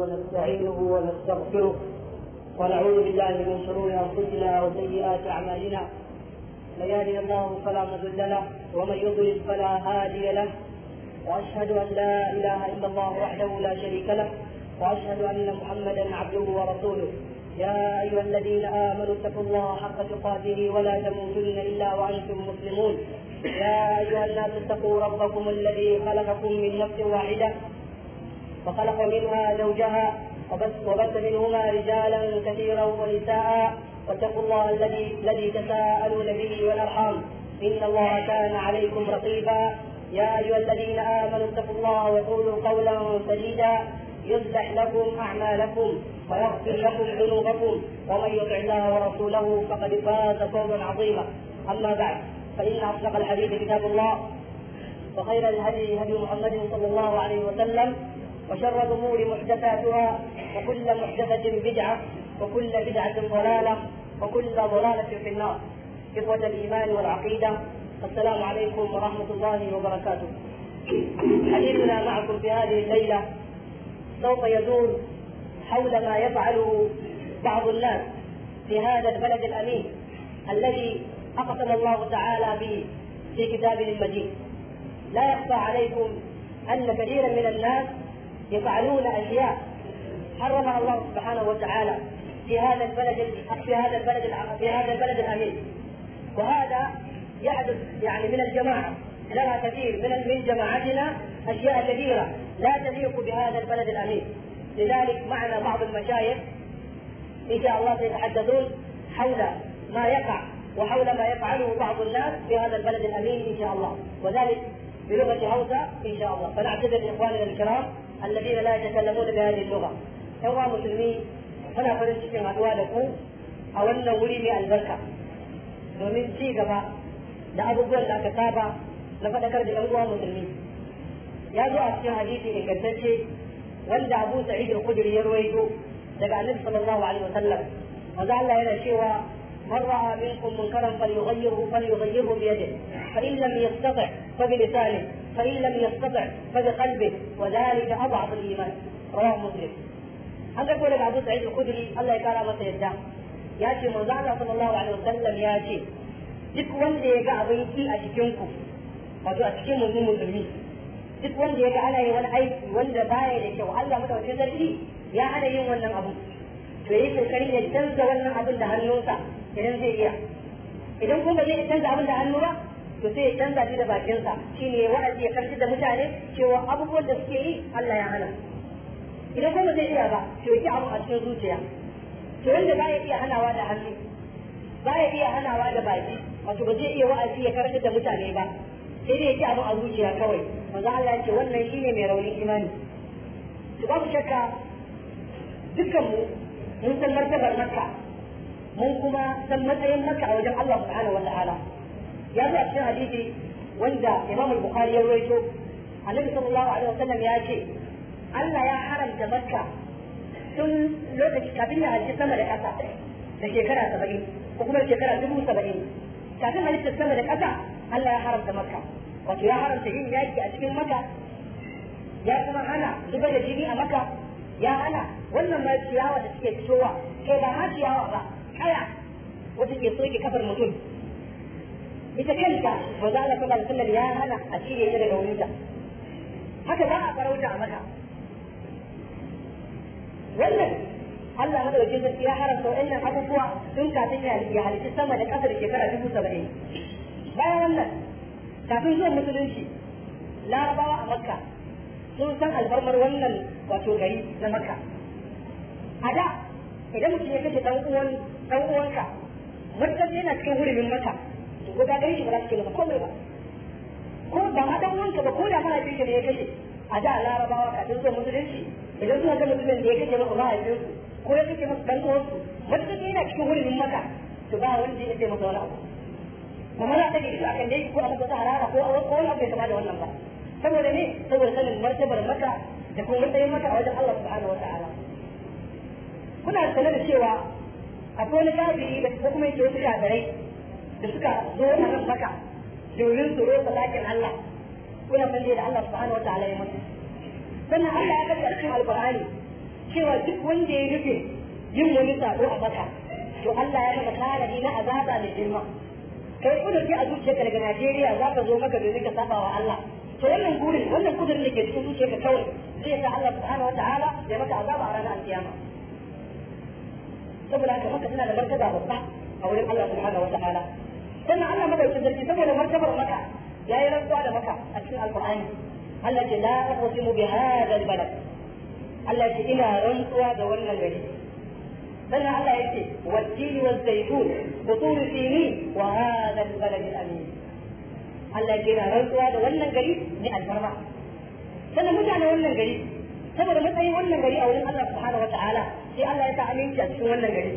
ونستعينه ونستغفره ونعوذ بالله من شرور انفسنا وسيئات اعمالنا من يهده الله فلا مضل له ومن يضلل فلا هادي له واشهد ان لا اله الا الله وحده لا شريك له واشهد ان محمدا عبده ورسوله يا ايها الذين امنوا اتقوا الله حق تقاته ولا تموتن الا وانتم مسلمون يا ايها الناس اتقوا ربكم الذي خلقكم من نفس واحده وخلق منها زوجها وبث منهما رجالا كثيرا ونساء واتقوا الله الذي الذي تساءلون به والارحام ان الله كان عليكم رقيبا يا ايها الذين امنوا اتقوا الله وقولوا قولا سديدا يصلح لكم اعمالكم ويغفر لكم ذنوبكم ومن يطع الله ورسوله فقد فاز فوزا عظيما اما بعد فان اصدق الحديث كتاب الله وخير الهدي هدي محمد صلى الله عليه وسلم وشر الأمور محدثاتها وكل محدثة بدعة وكل بدعة ضلالة وكل ضلالة في النار إخوة الإيمان والعقيدة السلام عليكم ورحمة الله وبركاته حديثنا معكم في هذه الليلة سوف يدور حول ما يفعله بعض الناس في هذا البلد الأمين الذي أقسم الله تعالى به في كتابه المجيد لا يخفى عليكم أن كثيرا من الناس يفعلون اشياء حرمها الله سبحانه وتعالى في هذا البلد في هذا البلد في هذا البلد الامين وهذا يحدث يعني من الجماعه لنا كثير من من جماعتنا اشياء كثيره لا تليق بهذا البلد الامين لذلك معنا بعض المشايخ ان شاء الله سيتحدثون حول ما يقع وحول ما يفعله بعض الناس في هذا البلد الامين ان شاء الله وذلك بلغه هوسه ان شاء الله فنعتذر لاخواننا الكرام الذين لا يتكلمون بهذه اللغه yawa musulmi muna farin cikin haduwa da ku a wannan wuri mai albarka domin ci gaba da abubuwan da aka saba na faɗakar da 'yan uwa musulmi ya zo a cikin hadisi ingantacce wanda abu sa'id al-khudri ya ruwaito daga annabi sallallahu alaihi wasallam manzo Allah yana cewa من رأى منكم منكرا فليغيره فليغيره بيده فإن لم يستطع فبلسانه فإن لم يستطع فبقلبه وذلك أضعف الإيمان رواه مسلم an ga daga Abu Sa'id al-Khudri Allah ya kara yadda ya ce manzo Allah sallallahu alaihi wasallam ya ce duk wanda ya ga abin a cikin ku wato a cikin mu musulmi duk wanda ya ga ana yin wani aiki wanda baya da kyau Allah madaukakin sarki ya hana yin wannan abu to yayi kokari ya canza wannan abin da hannunsa idan zai iya idan abin da hannu ba to sai ya canza shi da bakinsa shine ya wa'azi ya karfi da mutane cewa abubuwan da suke yi Allah ya hana idan kuma zai iya ba to yake abu a cikin zuciya to wanda ba ya iya hanawa da hannu ba ya iya hanawa da baki wato ba zai iya wa'azi ya karfi da mutane ba sai dai yake abu a zuciya kawai manzo Allah ya ce wannan shine mai raunin imani to babu shakka dukkan mu mun san martabar makka mun kuma san matsayin makka a wajen Allah subhanahu wa ta'ala ya zo a cikin hadisi wanda Imam al-Bukhari ya rawaito Annabi sallallahu alaihi wasallam ya ce Allah ya haramta Makka tun lokaci kafin ya halitta sama da ƙasa da shekara saba'in ko kuma shekara dubu saba'in kafin halitta sama da ƙasa Allah ya haramta Makka wato ya haramta yin yaki a cikin Makka ya kuma hana zubar da jini a Makka ya hana wannan ma ciyawa da suke fitowa kai ba ma ciyawa ba kaya wata ke soke kafar mutum ita kanta manzo Allah sallallahu alaihi wasallam ya hana a cire ta daga wurinta haka za a farauta a mata wannan Allah madaukakin sarki ya haramta wa'annan abubuwa tun kafin ya halitta sama da ƙasar shekara dubu saba'in bayan wannan kafin zuwan musulunci larabawa a makka sun san alfarmar wannan wato gari na makka a da idan mutum ya kashe ɗan uwan dan uwanka mutum yana cikin hurumin makka guda ɗaya shi ba za su kira ba komai ba ko ba ma dan wanka ba ko da mahaifin shi ne ya kashe a da larabawa kafin zuwa musulunci idan suna ga mutumin da ya kashe maka ba mahaifinsu ko ya kashe maka dan uwansu wanda ne yana cikin wurin maka to ba wani wanda ya maka wani abu kuma za ta yi shi akan dai ko a masa harara ko a wani abu ya kama da wannan ba saboda ne saboda sanin martabar maka da kuma matsayin maka a wajen Allah subhanahu wa ta'ala kuna sanar da cewa akwai wani kafiri da kuma yake wasu shafarai da suka zo nan baka domin su roƙa lakin Allah kuna falle da Allah subhanahu wataala ya mutu sannan Allah ya kafa cikin alqur'ani cewa duk wanda ya rufe yin wani sabo a baka to Allah ya maka tanadi na azaba mai girma kai kudurci a zuciyarka daga Najeriya za ka zo maka domin ka saba wa Allah to wannan gurin wannan kudurin da ke cikin zuciyarka kawai zai sa Allah subhanahu wataala ya maka azaba a ranar alkiyama saboda haka maka tana da martaba babba a wurin Allah subhanahu wataala sannan Allah madaukin sarki saboda martabar maka ya yi rantsuwa da maka a cikin alkur'ani Allah ce la aqsimu bi hadha albalad Allah ce ina rantsuwa da wannan gari sannan Allah ya ce wajjini wa zaitun wa turi sini wa hadha albalad alamin Allah ce ina rantsuwa da wannan gari ne alfarma sannan mutane wannan gari saboda matsayin wannan gari a wurin Allah subhanahu wa ta'ala sai Allah ya sa aminci a cikin wannan gari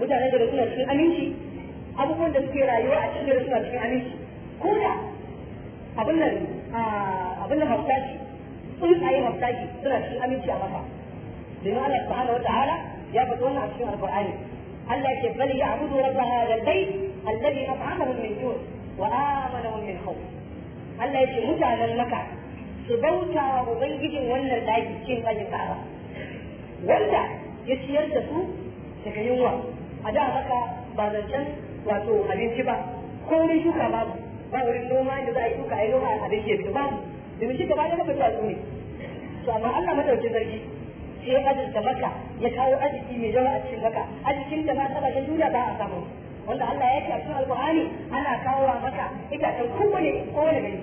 mutane da suna cikin aminci abubuwan da suke rayuwa a cikin rasuwa cikin aminci ko da abin nan abin nan hafsashi tsuntsaye hafsashi suna cikin aminci a maka domin Allah subhanahu wataala ya faɗi wannan a cikin Alƙur'ani. Allah ke bari ya abudu rabba hadha albayt alladhi at'amahum min jur wa amanahum min khawf Allah yake mutanen maka su bauta wa ubangijin wannan daki cikin ɗakin ka'aba wanda ya ciyar da su daga yunwa a da haka ba zancen wato abinci ba ko wurin shuka babu ba wurin noma da za a yi shuka a yi noma abinci ya fito babu domin shi gaba ɗaya ba duwatsu ne to amma Allah madaukin zargi sai ya azurta maka ya kawo arziki mai yawa a cikin maka arzikin da ma sabashin duniya ba a samu wanda Allah ya ce a cikin alƙur'ani ana kawo maka itacen kowane kowane gari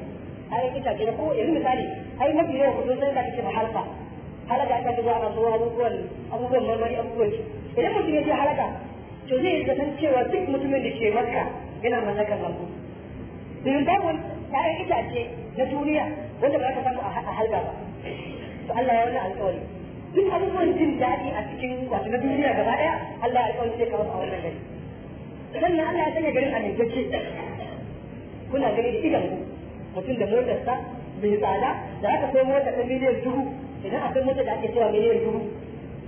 ai itace ko yanzu misali ai mafi yawa kudu sai da kake halka halaka ta zuwa zuwa abubuwan abubuwan marmari abubuwan idan mutum ya je halaka to zai yi zaton cewa duk mutumin da ke maka yana mallakar lambu domin babu ta'ayin itace na duniya wanda ba ta samu a halga ba to Allah ya wani alƙawari duk abubuwan jin daɗi a cikin wato na duniya gaba ɗaya Allah ya alƙawari zai kawo a wannan gari sannan Allah ya sanya garin amintacce kuna gani da idan mutum da motarsa mai tsada da aka kai motar ta miliyan dubu idan akwai motar da ake cewa miliyan dubu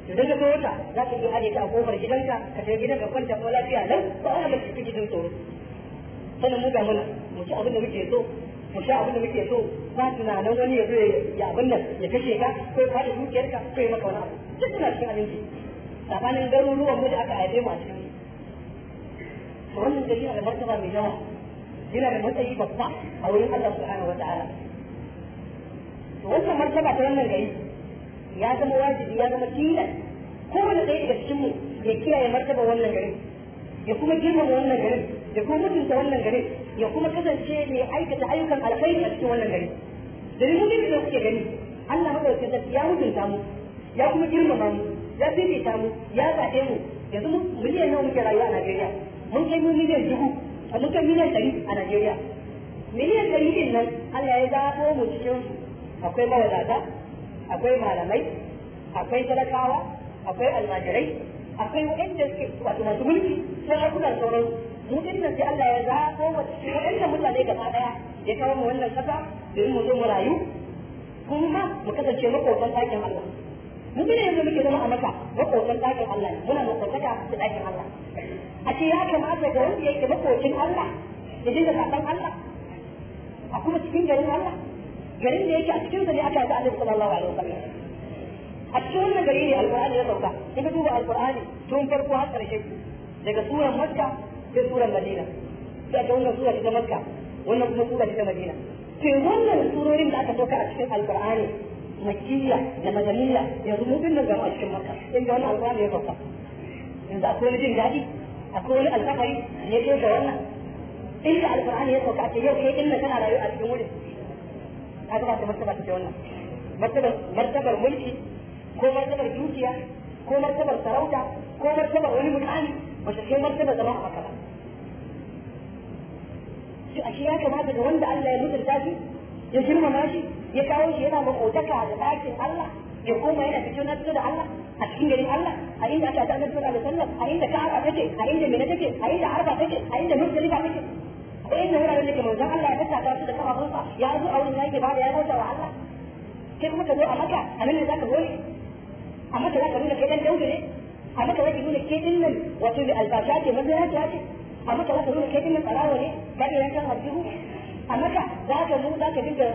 idan ka zo wata za ka yi aje ta a kofar gidanka ka tafi gidanka kwanta ko lafiya nan ba ana mace ciki jin tsoro sannan mu ga mana mu ci abin da muke so mu sha abin da muke so ba tunanin wani ya zo ya abin nan ya kashe ka ko ya faɗi dukiyarka ko ya maka wani abu duk suna cikin abinci tsakanin garuruwan mu da aka haife mu a cikin to wannan gari a da martaba mai yawa yana da matsayi babba a wurin Allah subhanahu wa ta'ala to wannan martaba ta wannan gari ya zama wajibi ya zama ko kowane ɗaya daga cikinmu ya kiyaye martaba wannan garin ya kuma girmama wannan garin ya kuma mutunta wannan garin ya kuma kasance mai aikata ayyukan alkhairi a cikin wannan garin da ni mutum da kuke gani Allah madaukakin sarki ya mutunta mu ya kuma girmama mu ya fifita mu ya zaɓe mu yanzu miliyan nawa muke rayuwa a Najeriya mun kai mu miliyan dubu mun kai miliyan ɗari a Najeriya miliyan ɗari din nan Allah ya zaɓo mu cikin akwai mawadata akwai malamai akwai talakawa akwai almajirai akwai waɗanda suke wato masu mulki sarakunan sauran mu dinnan sai Allah ya zaɓo ko cikin waɗannan mutane gaba ɗaya ya kawo mu wannan kasa domin mu zo mu rayu kuma mu kasance makotan ɗakin Allah mu ne yanzu muke zama a maka makotan ɗakin Allah muna makotaka da ɗakin Allah a ce ya kamata ga wanda yake makokin Allah ya dinga zaɓen Allah a kuma cikin garin Allah garin da yake a cikin sa ne aka yi annabi sallallahu alaihi wasallam a cikin wannan gari ne alqur'ani ya sauka in ka duba alqur'ani tun farko har karshe daga suran makka sai suran madina sai ga wannan sura ta makka wannan kuma sura ta madina ke wannan surorin da aka sauka a cikin alqur'ani makkiya da madaniya yanzu mu bin nan ga a cikin makka ga wannan alqur'ani ya sauka yanzu akwai wani jin daɗi akwai wani alfahari ne ke da wannan inda alqur'ani ya sauka a ce yau kai inna kana rayuwa a cikin wurin kaga ba ta martaba ta wannan martabar martabar mulki ko martabar dukiya ko martabar sarauta ko martabar wani mutane ba ta kai martabar zama a maka ba shi a shi ya kamata ga wanda Allah ya mutunta shi ya girmama shi ya kawo shi yana makotaka da ɗakin Allah ya koma yana fito na da Allah a cikin garin Allah a inda aka ta annabi da alaihi wasallam a inda ka'aba take a inda mina take a inda arba take a inda muzdalifa take sai da wuraren da ke manzon Allah ya tattaka su da kafafunsa ya zo a wurin yake ba da ya bauta wa Allah sai kuma ka zo a maka a nan ne za ka goye a maka za ka nuna kai dan daudu ne a maka za ka nuna kai din nan wato da albasha ce mazinaciya ce a maka za ka nuna kai din nan tsarawa ne ba da yankan harjihu a maka za ka zo za ka dinga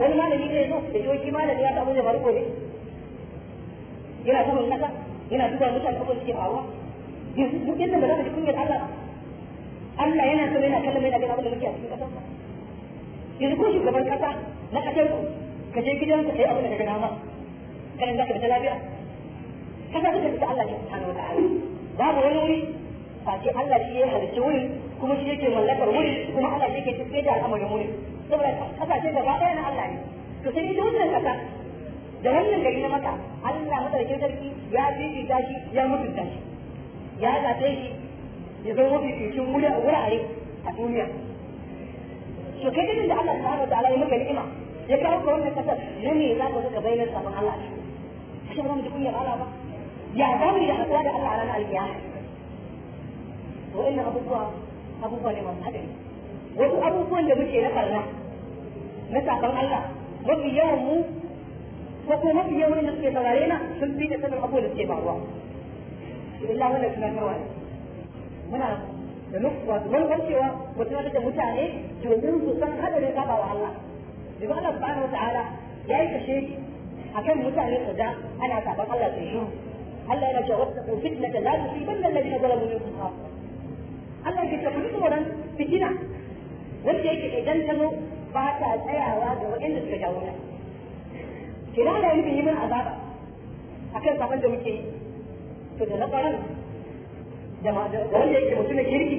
wani malami ne zo da yoki malami ya samu da farko ne yana samun yana Allah yana so yana kallon yana gina da muke a cikin kasa yanzu ko shugaban kasa na kasar ku ka je gidanka kai abin da ka gana ma kana za ka fita lafiya kasa duka ta Allah ta wata wataala babu wani wuri face Allah shi ya halicci wuri kuma shi yake mallakar wuri kuma Allah shi yake tafiye da al'amarin wuri saboda ce gaba ɗaya na Allah ne to sai ita wannan kasa da wannan gari na maka Allah ke sarki ya fifita shi ya mutunta shi ya zaɓe shi ya zama mafificin wurare a duniya to kai dai da Allah subhanahu wataala ya maka ni'ima ya kawo ka wannan kasar na me za ka zuka bayyana sabon Allah ne shi ba mu ji kunyar Allah ba ya za mu yi hakuwa da Allah a ranar alkiyama to inna abubuwa abubuwa ne masu hadari wasu abubuwan da muke na farna na sabon Allah mafi yawan mu ko kuma mafi yawan da suke saurare na sun fi da sanin abubuwan da suke faruwa. Bismillah wannan tunatarwa ne. muna da nufi wato bambancewa mutum da mutane domin su san hadarin saba wa Allah da ba Allah subhanahu wataala ya yi kashe akan mutane su da ana sabon Allah su shiru Allah yana cewa wata kun fitna da lafi fi ban lallabi na gwalamu ne kuma Allah ya ce kun tsoron fitina wanda yake idan ta zo ba ta tsayawa ga waɗanda suka jawo ta kira da yi min azaba akan saban da muke yi to da na da wanda yake mutumin kirki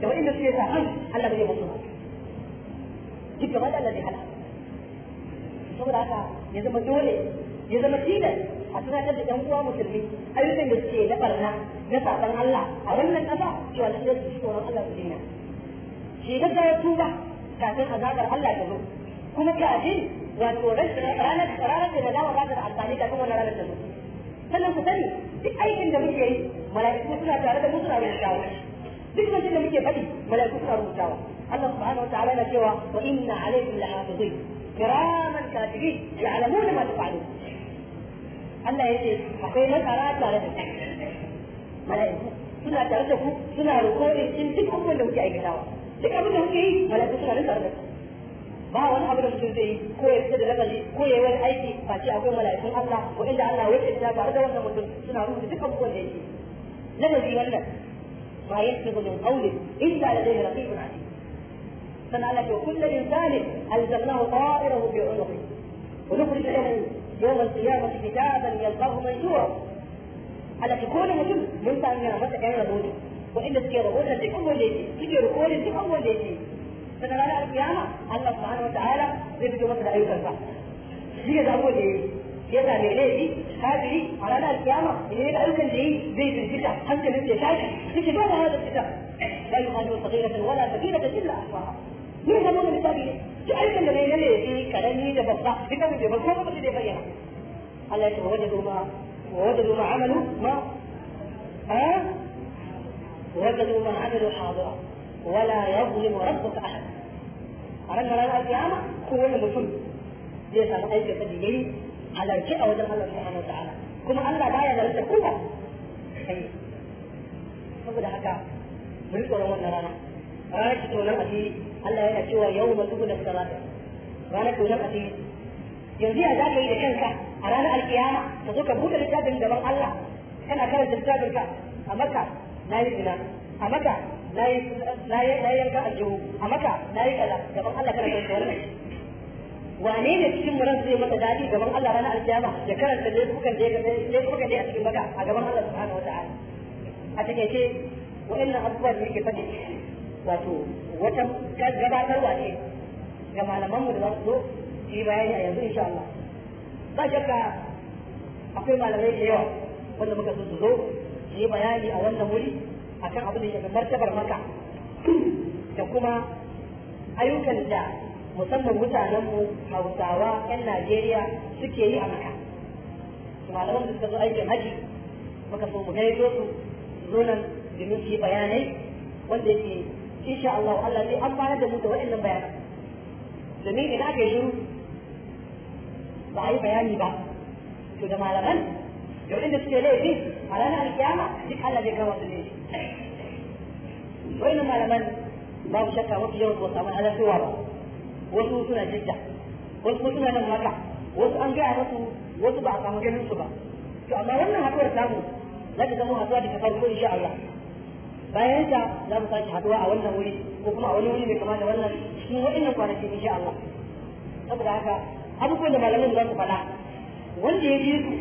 da wanda suke sa an Allah bai ba. duk gaba da Allah bai hada saboda haka ya zama dole ya zama tilas a tunatar da ɗan uwa musulmi ayyukan da suke na barna na saban Allah a wannan ƙasa cewa na da su tsoron Allah su dina shi ga ya tuba kafin azabar Allah ta zo kuma kafin wato ranar ranar da dawa za ta da amfani kafin wannan ranar ta zo sannan ku sani duk aikin da muke yi mala'iku suna tare da mu suna rubutawa duk lokacin da muke faɗi mala'iku suna rubutawa Allah subhanahu wataala yana cewa wa inna alaikum lahafizin kiraman katibin ya'lamuna ma taf'alun Allah ya ce akwai masara tare da ku mala'iku suna tare da ku suna rikodin din duk abubuwan da muke aikatawa duk abin da kuke yi mala'iku suna nan tare da ba wani abu da mutum zai yi ko ya fita da labari ko ya yi wani aiki ce akwai mala'ikun Allah ko inda Allah ya ce tare da wannan mutum suna rubuta duk abubuwan da yake لنزيدنه ما يسبق من قوله الا لديه رقيب عزيز كما لك وكل انسان الزمناه طائره في عنقه ونخرج له يوم القيامه كتابا يلقاه منشورا على كل مجد من ان يرمت كان بولي وإن تجي رؤولا لأول ليتي تجي رؤولا لأول ليتي فنرى لك القيامة الله سبحانه وتعالى يبدو مثل أيها الفحر ليه ده أول إيه؟ يدعم إليه هذه علامات القيامة اللي لا يمكن تعيش زي الفتح أنت مثل شاشة تجدون هذا الكتاب لا يغادر صغيرة ولا كبيرة إلا أحصاها يهتمون بالتابعين تعرف أن بين الذي كلام يتبصى كتاب يتبصى فقط يبينه الله يقول وجدوا ما ووجدوا ما عملوا ما ها وجدوا ما عملوا حاضرا ولا يظلم ربك أحد أردنا لنا القيامة هو المسلم ليس اي فديين halarci a wajen Allah subhanahu ta'ala kuma Allah baya zalunta kowa saboda haka mun tsoron wannan rana ranar ki tonan asiri Allah yana cewa yau ma tubu da salata ranar tonan asiri yanzu ya za ka yi da kanka a ranar alkiyama ka zo ka buɗe littafin gaban Allah kana karanta littafin ka a maka na yi zina a maka na yi yanka aljihu a maka na yi kaza gaban Allah kana karanta wannan wane ne cikin mu zai masa dadi gaban Allah ranar alkiyama ya karanta laifukan da ya laifukan da ya cikin baka a gaban Allah subhanahu wata'ala a take ce wa'annan abubuwa da yake faɗi wato wata gabatarwa ne ga malaman mu da za su zo shi bayani a yanzu insha Allah ba shakka akwai malamai da yawa wanda muka so su zo yi bayani a wannan wuri akan abin da ya martabar maka da kuma ayyukan da musamman mutanenmu hausawa 'yan najeriya suke yi a maka malaman da suka zo aikin haji muka so mu gaido su zo nan domin su yi bayanai wanda yake insha Allah Allah an fara da mu da waɗannan bayanan domin idan aka yi ba a yi bayani ba to da malaman da waɗanda suke laifi a ranar alkiyama duk Allah zai kama su laifi waɗannan malaman babu shakka mafi yawan ko samu halasowa ba wasu suna jidda wasu suna nan haka, wasu an gaya musu wasu ba a samu ganin su ba to amma wannan haɗuwar tamu za ta zama haɗuwa daga farko insha Allah bayan ta za mu sake haɗuwa a wannan wuri ko kuma a wani wuri mai kama da wannan shi, waɗannan kwanaki insha Allah saboda haka abubuwan da malamin za su faɗa wanda ya ji su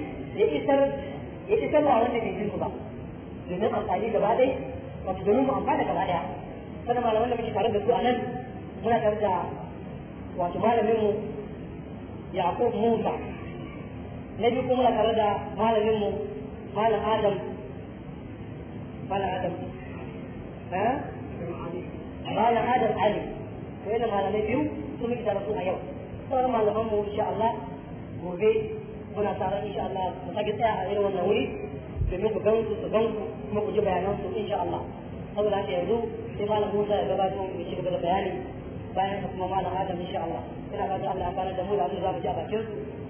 ya isar ya isar da wanda bai ji su ba domin amfani gaba ɗaya wato domin mu amfana gaba ɗaya sannan malamin da muke tare da su a nan muna tare da wato malaminmu yaqub musa na biyu kuma na tare da malaminmu malam adam malam adam ha malam adam ali to yana malamai biyu sun muke tare su a yau sauran malamanmu insha Allah gobe muna tare insha Allah mu sake tsaya a irin wannan wuri domin ku gansu su gansu kuma ku ji bayanan su insha Allah saboda haka yanzu sai malam Musa ya gabato mu ci gaba da bayani بيان حكم مال ادم ان شاء الله كنا ما شاء الله كان دمول ابو باب جابا كيف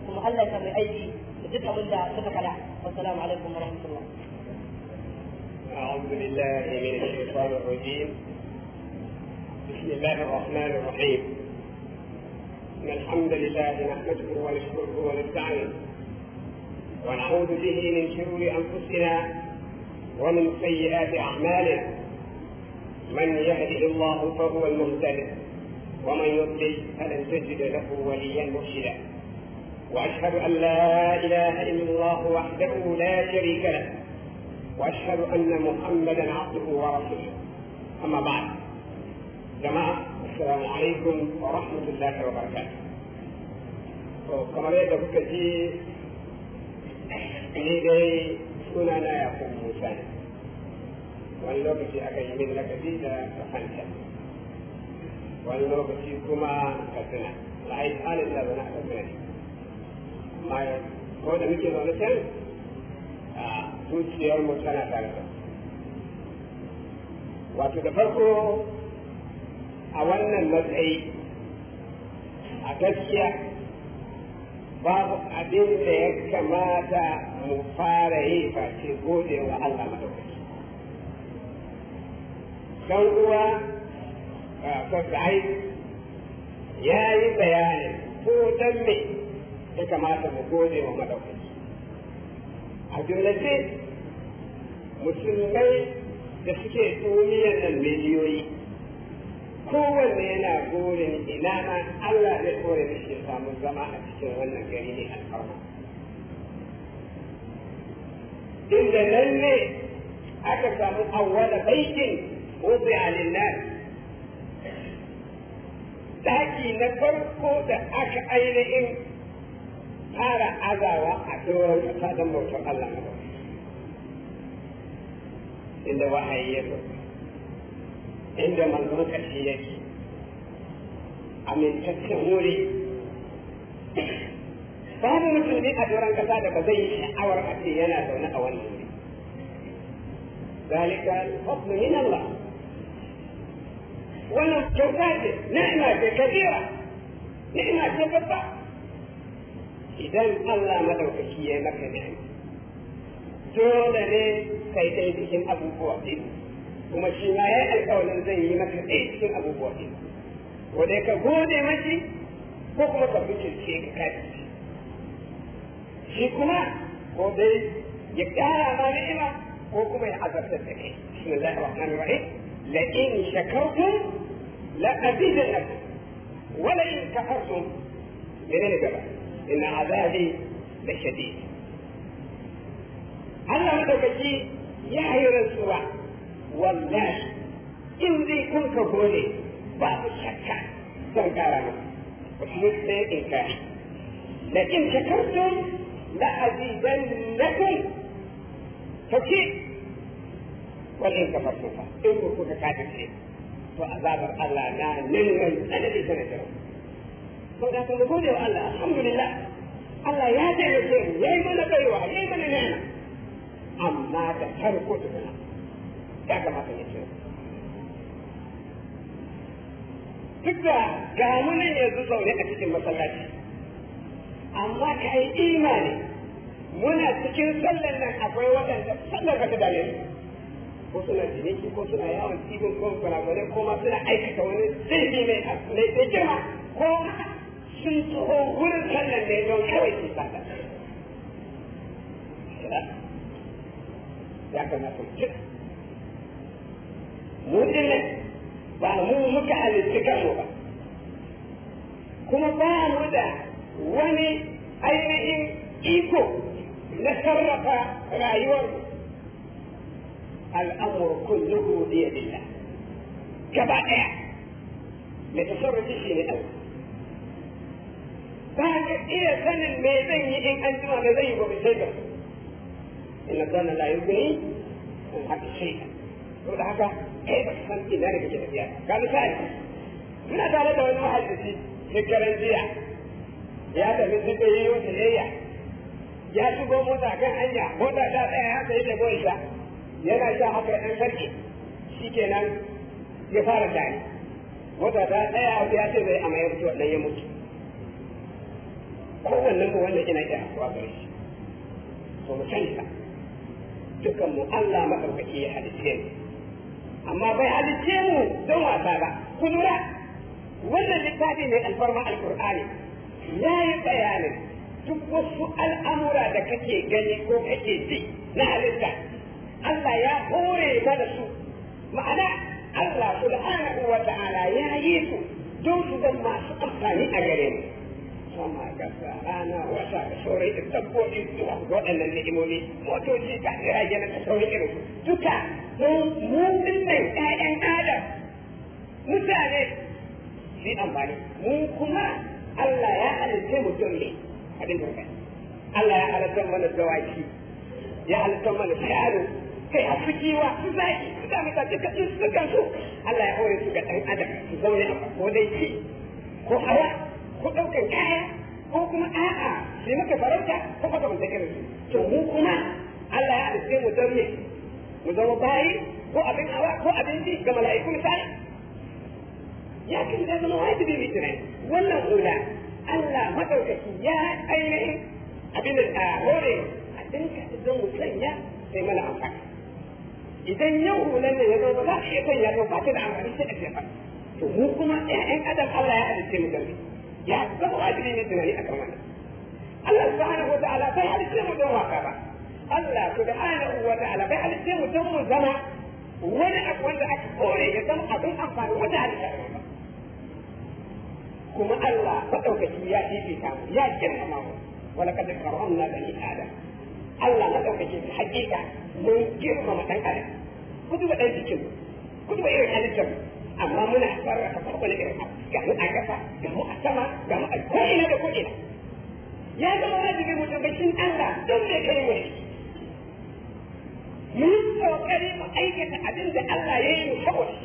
ثم هل لك بايدي تبقى من ذا تبقى لا والسلام عليكم ورحمه الله اعوذ بالله من الشيطان الرجيم بسم الله الرحمن الرحيم إن الحمد لله نحمده ونشكره ونستعينه ونعوذ به من شرور أنفسنا ومن سيئات أعمالنا من يهده الله فهو المهتد ومن يضلل فلن تجد له وليا مرشدا واشهد ان لا اله الا الله وحده لا شريك له واشهد ان محمدا عبده ورسوله اما بعد جماعه السلام عليكم ورحمه الله وبركاته كما yadda كثير ji ni dai suna na yakub musa ne لك lokaci aka wani lokaci kuma katsina da ai halin da zana katsina ne amma ko da muke zaune can a zuciyar mu tana tare da wato da farko a wannan matsayi a gaskiya babu abin da ya kamata mu fara yi face gode wa Allah madaukaki. Dan uwa Ah, sassai ya yi bayanin ko dan me ya kamata mu gode wa madaukaki a jumlace musulmai da suke duniyar nan miliyoyi kowanne yana gorin ina ma Allah zai kore da shi samu zama a cikin wannan gari ne alfarma inda nan ne aka samu awwala ko wuzi a lillahi daki na farko da aka ainihin fara azawa a doron kasa don bautar Allah na inda wahayi ya zo inda manzon ƙarshe yake amintaccen wuri babu mutum ne a doron kasa da ba zai yi sha'awar a ce yana zaune a wannan wuri ذلك الفضل من الله wannan kyauta ce ni'ima ce kabira ni'ima ce babba idan Allah madaukaki ya maka ni'ima dole ne kai dai cikin abubuwa din kuma shi ma yayi alƙawarin zai yi maka dai cikin abubuwa din ko dai ka gode mashi ko kuma ka bincike ka kaci shi kuma ko dai ya ƙara ma ni'ima ko kuma ya azabtar da kai bismillahir rahmanir لئن شكرتم لأزيدنكم ولئن كفرتم لنا إن عذابي لشديد هذا الله يا أيها رسول والله إن ذي كنت بولي بعض الشكا سنقارنا وحيث كان لئن شكرتم لأزيدنكم فكيف وإن azabar Allah na كافرين وعذاب الله لا من الذي سنجره saboda ka gode wa Allah alhamdulillah Allah ya taimake ne yayi mana baiwa yayi mana ne amma da farko tukuna ya kamata ya ce duk da ga mu ne yanzu zaune a cikin masallaci amma ka yi imani muna cikin sallan nan akwai waɗanda sallar ka ta dare su ko suna jiniki ko suna yawon cibin ko gwalagwale ko ma suna aikata wani zirfi mai mai girma ko sun taho wurin sallan don kawai su sallan ya kamata mu mu dinnan ba mu muka halitta kanmu ba kuma ba mu da wani ainihin iko na sarrafa rayuwarmu al'amur kulluhu bi yadillah gaba daya mai tasarrufi shi ne Allah ba ka iya sanin me zan yi in an jima me zan yi gobe sai ka inna kana la yughni an haka sai ka da haka kai ba san ina ne kake tafiya ka misali muna tare da wani muhaddisi shekaran jiya ya tafi suka yi yau ya shigo mota kan hanya mota ta tsaya ya sayi da goyi yana sa haka ɗan sarki shi kenan ya fara tari wata ta ɗaya ya ce zai a ya mutu wannan ya mutu kowannen mu wannan ina iya hakuwa gare shi to mu sani ka dukkan mu Allah maɗaukaki ya halicce mu amma bai halicce mu don wasa ba ku lura wannan littafi ne alfarma alƙur'ani ya yi bayanin duk wasu al'amura da kake gani ko kake ji na halitta Allah ya hore mana su ma'ana Allah subhanahu wa ta'ala ya yi su don su zan masu amfani a gare mu sama ga rana wata da sauran da dabbobi zuwa waɗannan ni'imomi motoci da jirage na da iri. irin duka mu dinnan ƴaƴan adam mutane su amfani mu kuma Allah ya halitta mutum ne abin da Allah ya halitta mana dawaki ya halitta mana shanu kai a su kiwa su zaki su da mata duka su ka su Allah ya hore su ga ɗan adam su zaune a ko dai ci ko hawa ko ɗaukar kaya ko kuma a'a sai muka farauta ko maka mun take su to mu kuma Allah ya halice mu don me mu zama bayi ko abin hawa ko abin ji ga mala'iku misali ya kan da zama wajibi bibi tunai wannan ula Allah madaukaki ya ainihin abin da hore a dinka zan mu sanya sai mana amfani idan yau hular ne ya zo ba za a iya sanya ta ba ta da amfani sai a jefa to mu kuma ƴaƴan adam Allah ya halitta mu gari ya zama wajibi ne tunani akan wannan Allah subhanahu wataala bai halitta mu don waka ba Allah subhanahu wataala bai halitta mu don mu zama wani abu wanda aka kore ya zama abin amfani wata halitta ba kuma Allah madaukaki ya fifita mu ya girmama mu wala kad karamna bani adam Allah madaukaki hakika mun girmama dan adam kudu ba ɗan jikin kudu ba irin halittar amma muna sarrafa kowane irin abu ga mu a ƙasa ga mu a sama ga mu a ko'ina da ko'ina ya zama wajibi mu tabbacin Allah don da kare mu mu yi kokari mu aikata abin da Allah ya yi mu saboda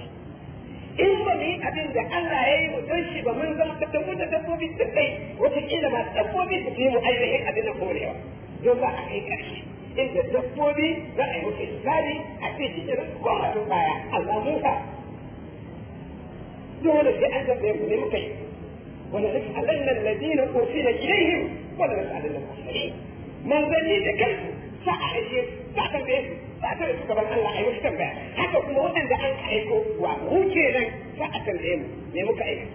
in ba mu yi abin da Allah ya yi mu don shi ba mun zama ka tabbata da dabbobi da kai wata kila ma dabbobi da su yi mu ainihin abin da korewa don ba a kai ƙarshe inda dabbobi za a yi musu iskari a ce shi ne ko baya Allah Musa sai an ku ne muka yi manzanni da kansu sa a aje sa a su sa a su gaban Allah a yi tambaya haka kuma waɗanda an aiko wa mu kenan sa a tambaye mu muka aika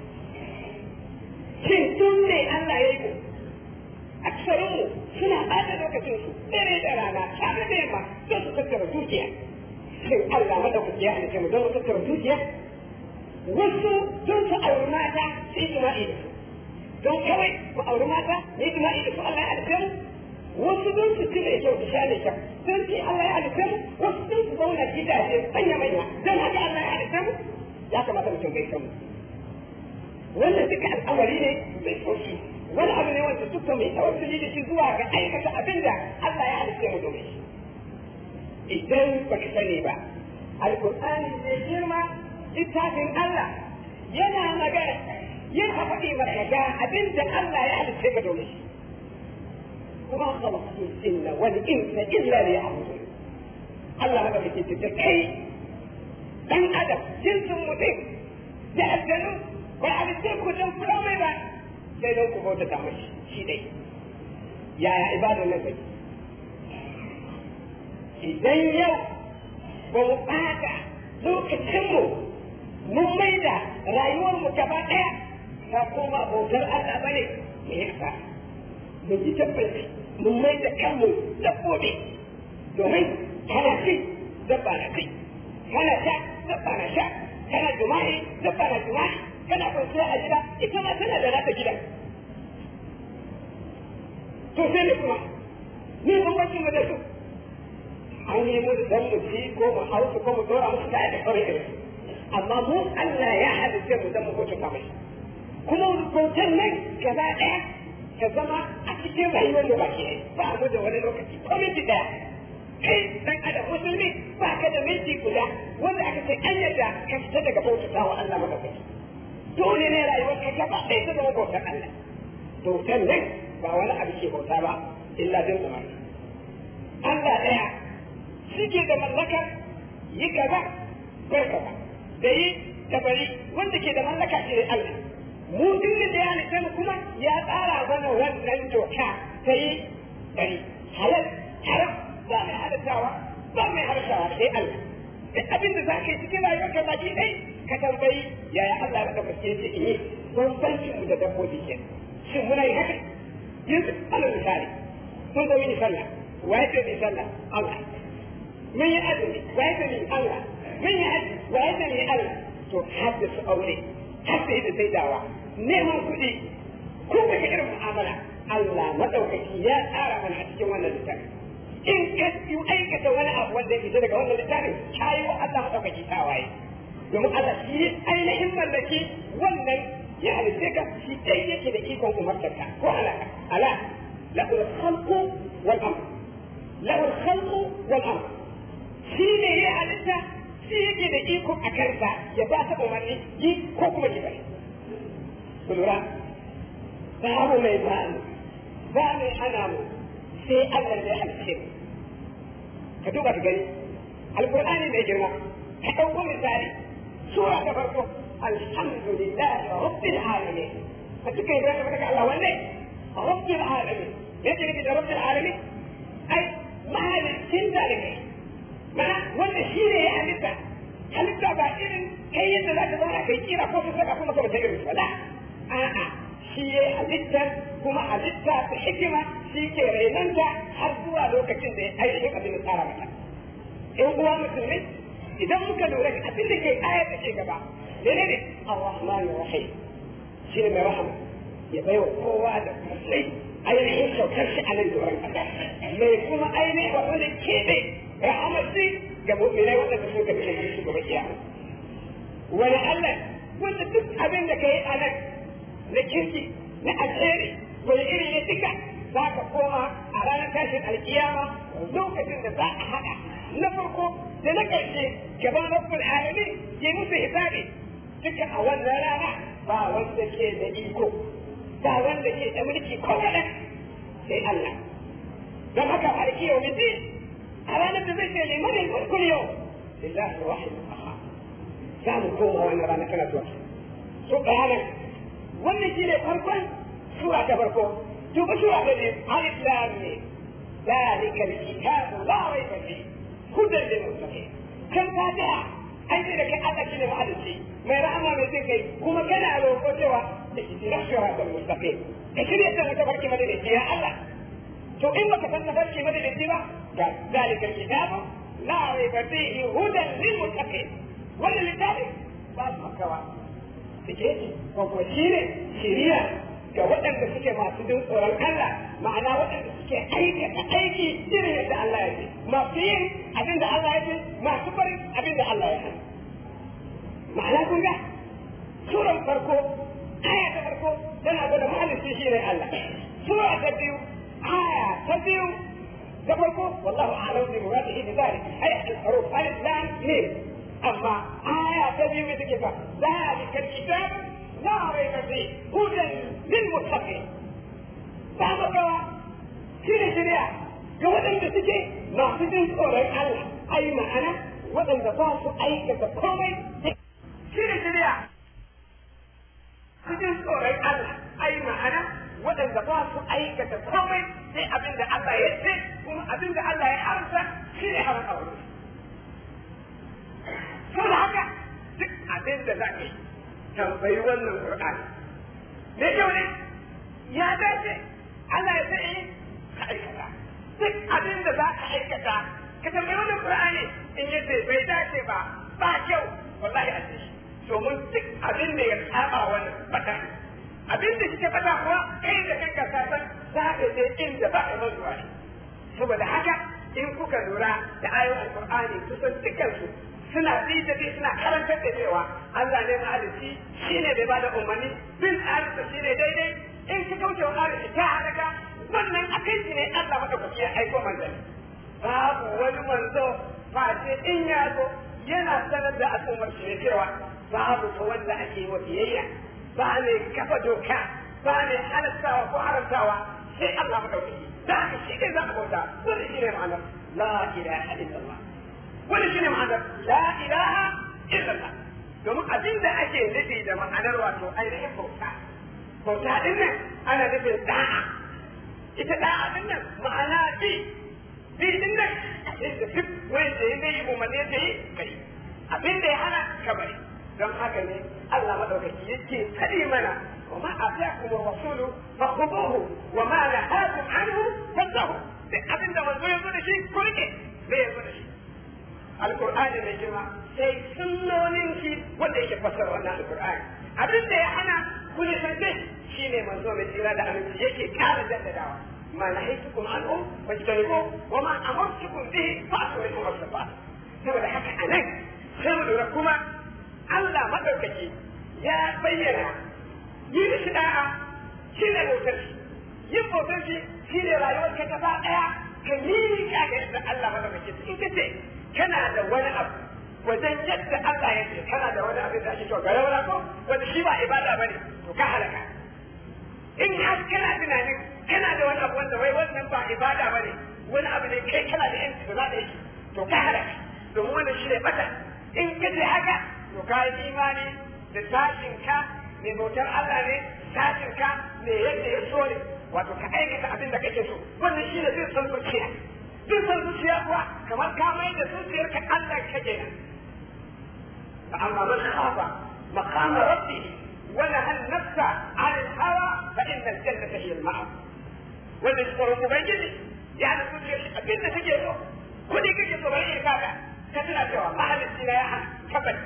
shin tun ne Allah ya yi ku aksarinmu suna ɓata lokacinsu dare da rana safe da yamma don su tattara dukiya sai Allah madaukaki ya halice mu don su tattara dukiya wasu don su auri mata yi jima'i da su don kawai ku auri mata ne jima'i da su Allah ya halice wasu don su ci da kyau su sha da kyau don ci Allah ya halice wasu don su zauna gidaje manya manya don haka Allah ya halice ya kamata mu tambaye kanmu wannan duka al'amari ne mai sauki wani abu ne wanda dukkan mai tawassuli da shi zuwa ga aikata abinda Allah ya halitta mu domin shi idan ba ka sani ba alkur'ani ne girma littafin Allah yana magana yin hafaɗi ba ka ga abinda Allah ya halitta mu domin shi kuma khalaqtul jinna wani insa illa liya'budun Allah maka fice ta kai dan adam jinsin mutum da aljanu ba a bisa ku dan komai ba sai don ku bauta ta mashi shi dai yaya ibadar nan kai idan yau ba mu ɓata lokacinmu mun maida rayuwarmu gaba ɗaya ta koma bautar Allah ba ne me yasa da ji tabbaci mun maida kanmu dabbobi domin kana ci dabba na kai kana sha dabba na sha kana jima'i dabba na jima'i kana kwanciya a gida ita ma tana da naka gida to sai ne kuma ni ban bacci mu da su an yi mu dan mu ci ko mu hausa ko mu dora musu da da kawai irin amma mu Allah ya halitta mu dan mu ko ta mai kuma bautar nan gaba ɗaya ka zama a cikin rayuwar da baki ba mu da wani lokaci ko minti ɗaya, kai dan adam musulmi ba ka da minti guda wanda aka ce an yadda ka fita daga bautata wa Allah madaukaki dole ne rayuwar ka gaba ɗaya ta zama bautar Allah bautar nan ba wani abu ke bauta ba illa jin zaman Allah ɗaya suke da mallakar yi gaba bar gaba da yi tabari wanda ke da mallaka shi ne Allah mu dinga da ya nisan kuma ya tsara mana wannan doka ta yi bari halal haram ba mai halittawa ba mai harshawa sai Allah da abin da za ka yi cikin rayuwar ba baki ɗaya ka tambayi yaya Allah ya kafa ce in yi bambancin mu da dabbobi ke shin muna yi haka yanzu alal misali mun yi yin sallah ya ce ni sallah Allah mun yi azumi ya ce ni Allah mun yi wa ya ce ni Allah to su aure haddasa sai dawa neman kuɗi ko kake irin mu'amala Allah madaukaki ya tsara mana a cikin wannan littafin in ka aikata wani abu wanda ya fita daga wannan littafin yi wa Allah madaukaki tawaye domin Allah shi ainihin mallaki wannan ya halitta ka shi dai yake da ikon umartar ka ko alaka ala lahu al-khalqu wal amr lahu al-khalqu wal amr shi ne ya halitta shi yake da ikon a kansa ya ba ta umarni yi ko kuma ki bari ku lura babu mai bani ba mai ana mu sai Allah ne halitta ka duba ka gani alqur'ani mai girma ka ɗauko misali sura ta farko alhamdulillahi rabbil alamin ka tuka ibrahim ka Allah wannan rabbil alamin me yake nufi da rabbil alamin ai mahalicin zalibai mana wanda shi ne ya halitta halitta ba irin kai yadda za ka zauna kai kira ko ka saka kuma ka bata irin ba a'a shi ya halitta kuma halitta ta hikima shi ke rainanta har zuwa lokacin da ya aiki abin da tsara mata in uwa musulmi idan muka lura da abin da ke Aya da ke gaba rahim shi ne kowa da saukar shi a nan doron kasa mai kuma ainihin wanda keɓe ga mu'minai waɗanda suka bi shi gaba wani Allah wanda duk abin da ka yi a nan na kirki na alheri wani iri ne duka za ka koma a ranar tashin alkiyama lokacin da za a haɗa na farko da na ƙarshe gaban rabbul alamin ke musu hisabi duka a wannan rana ba wanda ke da iko ba wanda ke da mulki ko kaɗan sai Allah don haka maliki yau mutu a ranar da zai ce ne limanin mulkul yau lillahi wahid za mu koma wannan rana kana zuwa su bayanan wannan shi ne farkon sura ta farko duba sura ta ne alif lam ne ذلك الكتاب لا ريب فيه hudan da mutane kan ka da an yi da kai Allah shi ne ma'adaci mai rahama mai zai kai kuma kana roƙo cewa da shi rashawa da mutane ka shirya da ka barki madadaci ya Allah to in baka san na barki madadaci ba ga zalikar kitabu la raiba fihi hudan lil muttaqin wannan littafin ba su makawa take ko ko shine shiriya ga waɗanda suke masu jin tsoron Allah ma'ana waɗanda suke aikata aiki irin yadda Allah ya ce masu yin abin da Allah ya ce masu bari abin da Allah ya ce ma'ana kun ga suran farko aya ta farko tana gwada mahalicci shi ne Allah sura ta biyu aya ta biyu ta farko wallahu a'lam bi muradihi bi dhalik ay al-huruf alif lam mim amma aya ta biyu ita ke fa zalika al-kitab لا ريب فيه هدى للمتقين babu kawa shine shari'a ga waɗanda suke masu jin tsoron Allah ai waɗanda ba su aikata komai shine shari'a su jin tsoron Allah ai waɗanda ba su aikata komai sai abin Allah ya ce kuma abin da Allah ya arsa shine haka duk tambayi wannan Qur'an. Me kyau ne ya dace Allah ya sai ka aikata duk abin da za ka aikata ka tambayi wannan ne in ya yace bai dace ba ba kyau wallahi a tashi domin duk abin da ya saba wannan bata abin da kike fada kuwa kai da kanka ka san za ka je inda ba ka zuwa saboda haka in kuka lura da ayoyin Qur'ani kusan dukkan su suna bi da bi suna karantar da cewa Allah ne shi shine bai bada umarni bin shi ne daidai in ka kauce wa arsa ta haraka wannan akan shi ne Allah maka ya aiko manzanni babu wani manzo ce in ya yana sanar da al'ummar shi ne cewa babu ta wanda ake wa biyayya ba ne kafa doka ba ne halattawa ko haramtawa sai Allah madaukaki da shi ne za a bauta sun shi ne ma'anar la wani shi ne ma'anar la ilaha illallah domin abin da ake nufi da ma'anar wato ainihin bauta bauta din nan ana nufin da'a ita da'a din nan ma'ana bi bi din nan da duk wanda ya zai yi umarni da yi kai abin da ya hana ka bari don haka ne Allah madaukaki yake kadi mana wa ma atakum rasulu fakhuduhu wa ma nahakum anhu fantahu da abin da manzo ya zo da shi ku rike zai zo da shi alkur'ani da girma sai sunnonin shi wanda yake fassara wannan alkur'ani abin da ya hana kuni sanke shine manzo mai tsira da aminci yake kara jaddadawa ma nahaytukum anhu fajtanibu wa ma amartukum bihi fa'tu wa safa saboda haka anan sai mu lura kuma Allah madaukaki ya bayyana yin shi da'a shine motar shi yin motar shi shine rayuwar ka gaba daya ka miƙa ga Allah madaukaki in kace kana da wani abu wajen yadda Allah ya ce kana da wani abu da ake cewa garau ko wanda shi ba ibada bane to ka halaka in har kana tunanin kana da wani abu wanda wai wannan ba ibada bane wani abu ne kai kana da yanci da za ka yi to ka halaka domin wannan shi ne bata in kace haka to ka yi imani da tashin ka mai bautar Allah ne tashin ka mai yadda ya so ne wato ka aikata abin da kake so wannan shi ne zai sulfurciya bin son zuciya kuwa kamar ka mai da zuciyar ka Allah ka gina Ba amma man ba, maqam rabbih wa nahan nafsa 'an al-hawa fa inna al-jannata hiya al-ma'a wanda shi tsoron ubangiji ya da zuciyar shi abin da kake so kudi kake so bari ka ka ka tana cewa mahalicci na ya hana kabari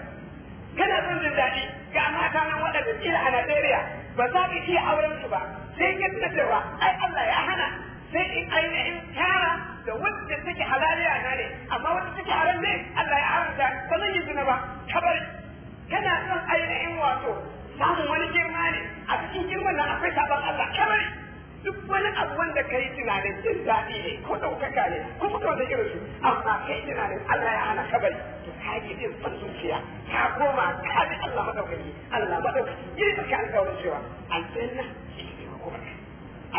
kana son jin daɗi ga mata nan waɗanda kila a Najeriya ba za ka iya auren su ba sai ka tuna cewa ai Allah ya hana sai in ainihin tara da wanda take halaliya na ne amma wanda take haram ne Allah ya haramta ba zan yi zina ba kabar kana son ainihin wato samun wani girma ne a cikin girman nan akwai sabon Allah kabar duk wani abu wanda ka yi tunanin jin daɗi ne ko ɗaukaka ne ko kuma wanda irin su amma ka tunanin Allah ya hana kabari to ka yi jin son zuciya ka koma ka bi Allah maɗaukaki Allah maɗaukaki yi da ka alƙawarin cewa aljanna shi ne makomarka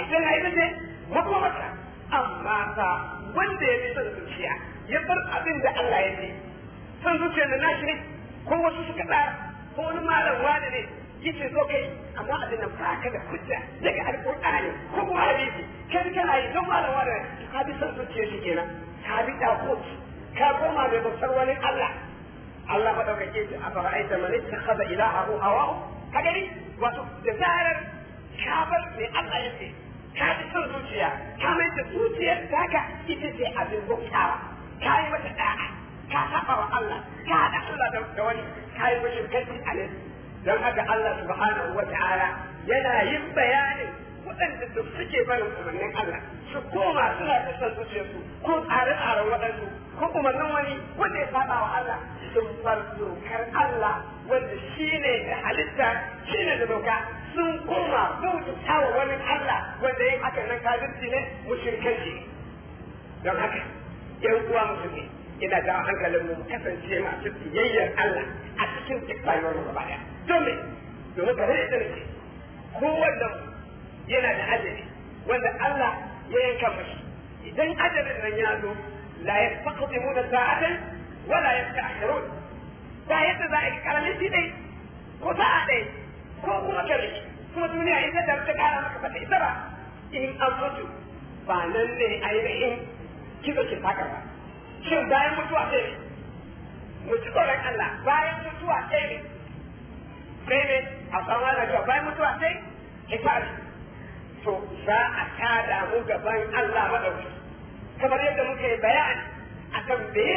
aljanna ita ce kuma makomarka amma fa wanda ya bi son zuciya ya bar abin da Allah ya ce son zuciya da nashi ne ko wasu suka tsara ko wani malam wani ne yace zo kai amma abin nan ba ka da hujja daga alƙur'ani ko kuma hadisi kan kana yi don malam wani ne ka bi son zuciya shi kenan ka bi dakoki ka koma mai bautar wani Allah Allah madaukake shi a fara fara'aita man ittakhadha ilahahu hawahu ka gani wato da zarar ka bar ne Allah ya ce ka fi son zuciya ka mai da zuciyar taka ita ce abin bautawa ka yi mata da'a ka saba wa Allah ka haɗa Allah da wani ka yi mashi kanci alai don haka Allah subhanahu wa ta'ala yana yin bayanin waɗanda da suke barin umarnin Allah su koma suna da son zuciyarsu ko tsare-tsaren waɗansu ko umarnin wani wanda ya saba wa Allah sun bar dokar Allah wanda shi ne da halitta shi ne da doka sun koma bauta wa wani Allah wanda yin haka nan kafirci ne mushrikanci don haka yan uwa musulmi ina da hankalin mu kasance masu biyayyar Allah a cikin duk rayuwar gaba daya domin domin kamar yadda nake kowanne yana da ajali wanda Allah ya yanka mashi idan ajalin nan ya zo la yastaqdimuna sa'atan wala yasta'khirun ba yadda za a yi karamin shi dai ko sa'a dai kuma kuma ka kuma duniya ita da ta kara maka ba ta isa ba in an mutu ba nan ne ainihin kizo ki saka ba shin bayan mutuwa ce ne mu ci tsoron Allah bayan mutuwa ce ne sai ne a samu ana cewa bayan mutuwa ce hisabi to za a tada mu gaban Allah madauki kamar yadda muke bayani akan me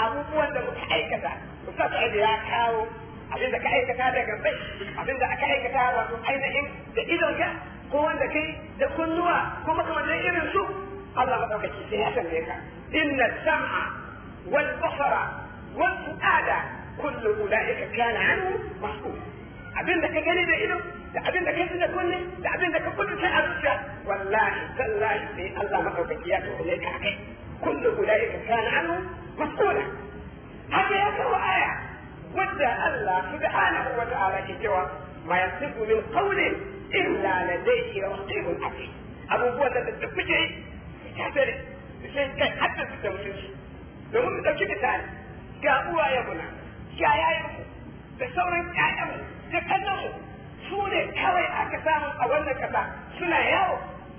abubuwan da muka aikata musa ya kawo abinda ka aikata da gambai abinda aka aikata wato ainihin da idonka ko wanda kai da kunnuwa ko makamantan irin su Allah madaukaki sai ya sanya ka inna sam'a wal basara wal fu'ada kullu ulaika kana anhu mas'ul abinda ka gani da ido da abinda ka ji da kunne da abinda ka kudu sai a zuciya wallahi tallahi sai Allah madaukaki ya tsaye ka kai kullu ulaika kana anhu mas'ula haka ya kawo aya wadda Allah subhanahu wa ta'ala ke cewa ma yasifu min qawlin illa ladayhi raqibun atid abubuwan da da kuke ta kafiri sai kai hatta su da mutunci domin mu dauki misali ga uwaye muna ga yayin da sauran ƴaƴan da kallon mu su ne kawai aka samu a wannan kasa suna yawo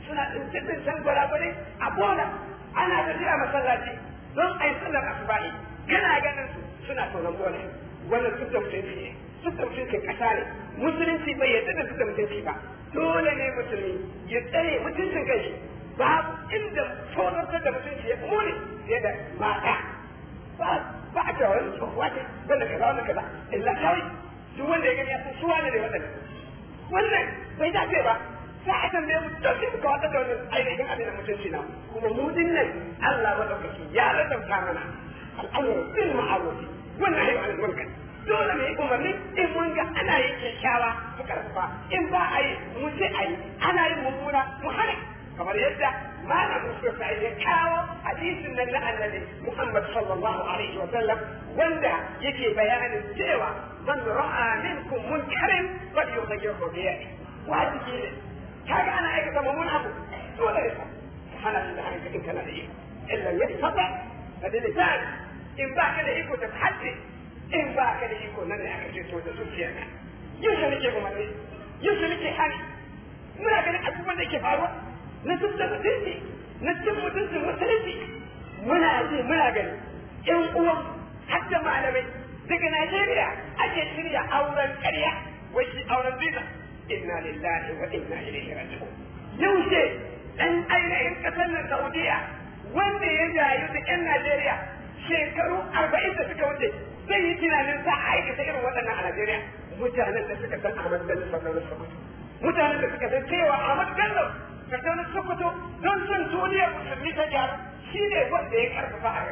suna tsintsirin san gwalagwalai a bola ana tafiya masallaci don a yi sallar asubahi kana ganin su suna tsoron bola wannan sistem mutunci ne sistem mutuncin kasa ne musulunci bai yadda da sistem mutunci ba dole ne musulmi ya tsare mutuncin kanshi babu inda tsoronta da mutunci ya muni fiye da mata ba a cewa wani tsohuwa ce wanda kaza wanda kaza illa kawai duk wanda ya gani ya san suwa ne da waɗanda wannan bai dace ba za a tambaye mu don sai muka wata wani wannan ainihin abin da mutunci na kuma mu dinnan Allah madaukaki ya rasa mana al'amuran bil ma'arufi والنهي عن المنكر dole mu yi umarni in mun ga ana yi kyakkyawa mu karfafa in ba a yi mu ce a yi ana yi mummuna mu hana kamar yadda malam Mustafa ya kawo hadisin nan na annabi Muhammad sallallahu alaihi wa sallam wanda yake bayanin cewa man ra'a minkum munkarin falyughayyirhu bi yadihi wajibi ne kaga ana aikata mummunan abu dole ne hana shi da hannun kana da iko illa yastata da lisan in ba ka da iko da hadde in ba ka da iko nan ne aka ce to da zuciya na yau shi nake goma ne yau shi nake hali, muna ganin abubuwan da ke faruwa na sun da mutunci na cin mutuncin mutunci muna ji muna gani yan uwan har da malamai daga Najeriya ake shirya auren ƙarya wai shi auren biza inna lillahi wa inna ilaihi raji'un yaushe dan ainihin ƙasar Saudiya wanda ya rayu da 'yan Najeriya shekaru arba'in da suka wuce zai yi tunanin sa aikata irin waɗannan a Najeriya mutanen da suka san Ahmad Bello Sardauna Sokoto mutanen da suka san cewa Ahmad Bello Sardauna Sokoto don son duniyar musulmi ta gyaru shi ne wanda ya karfafa a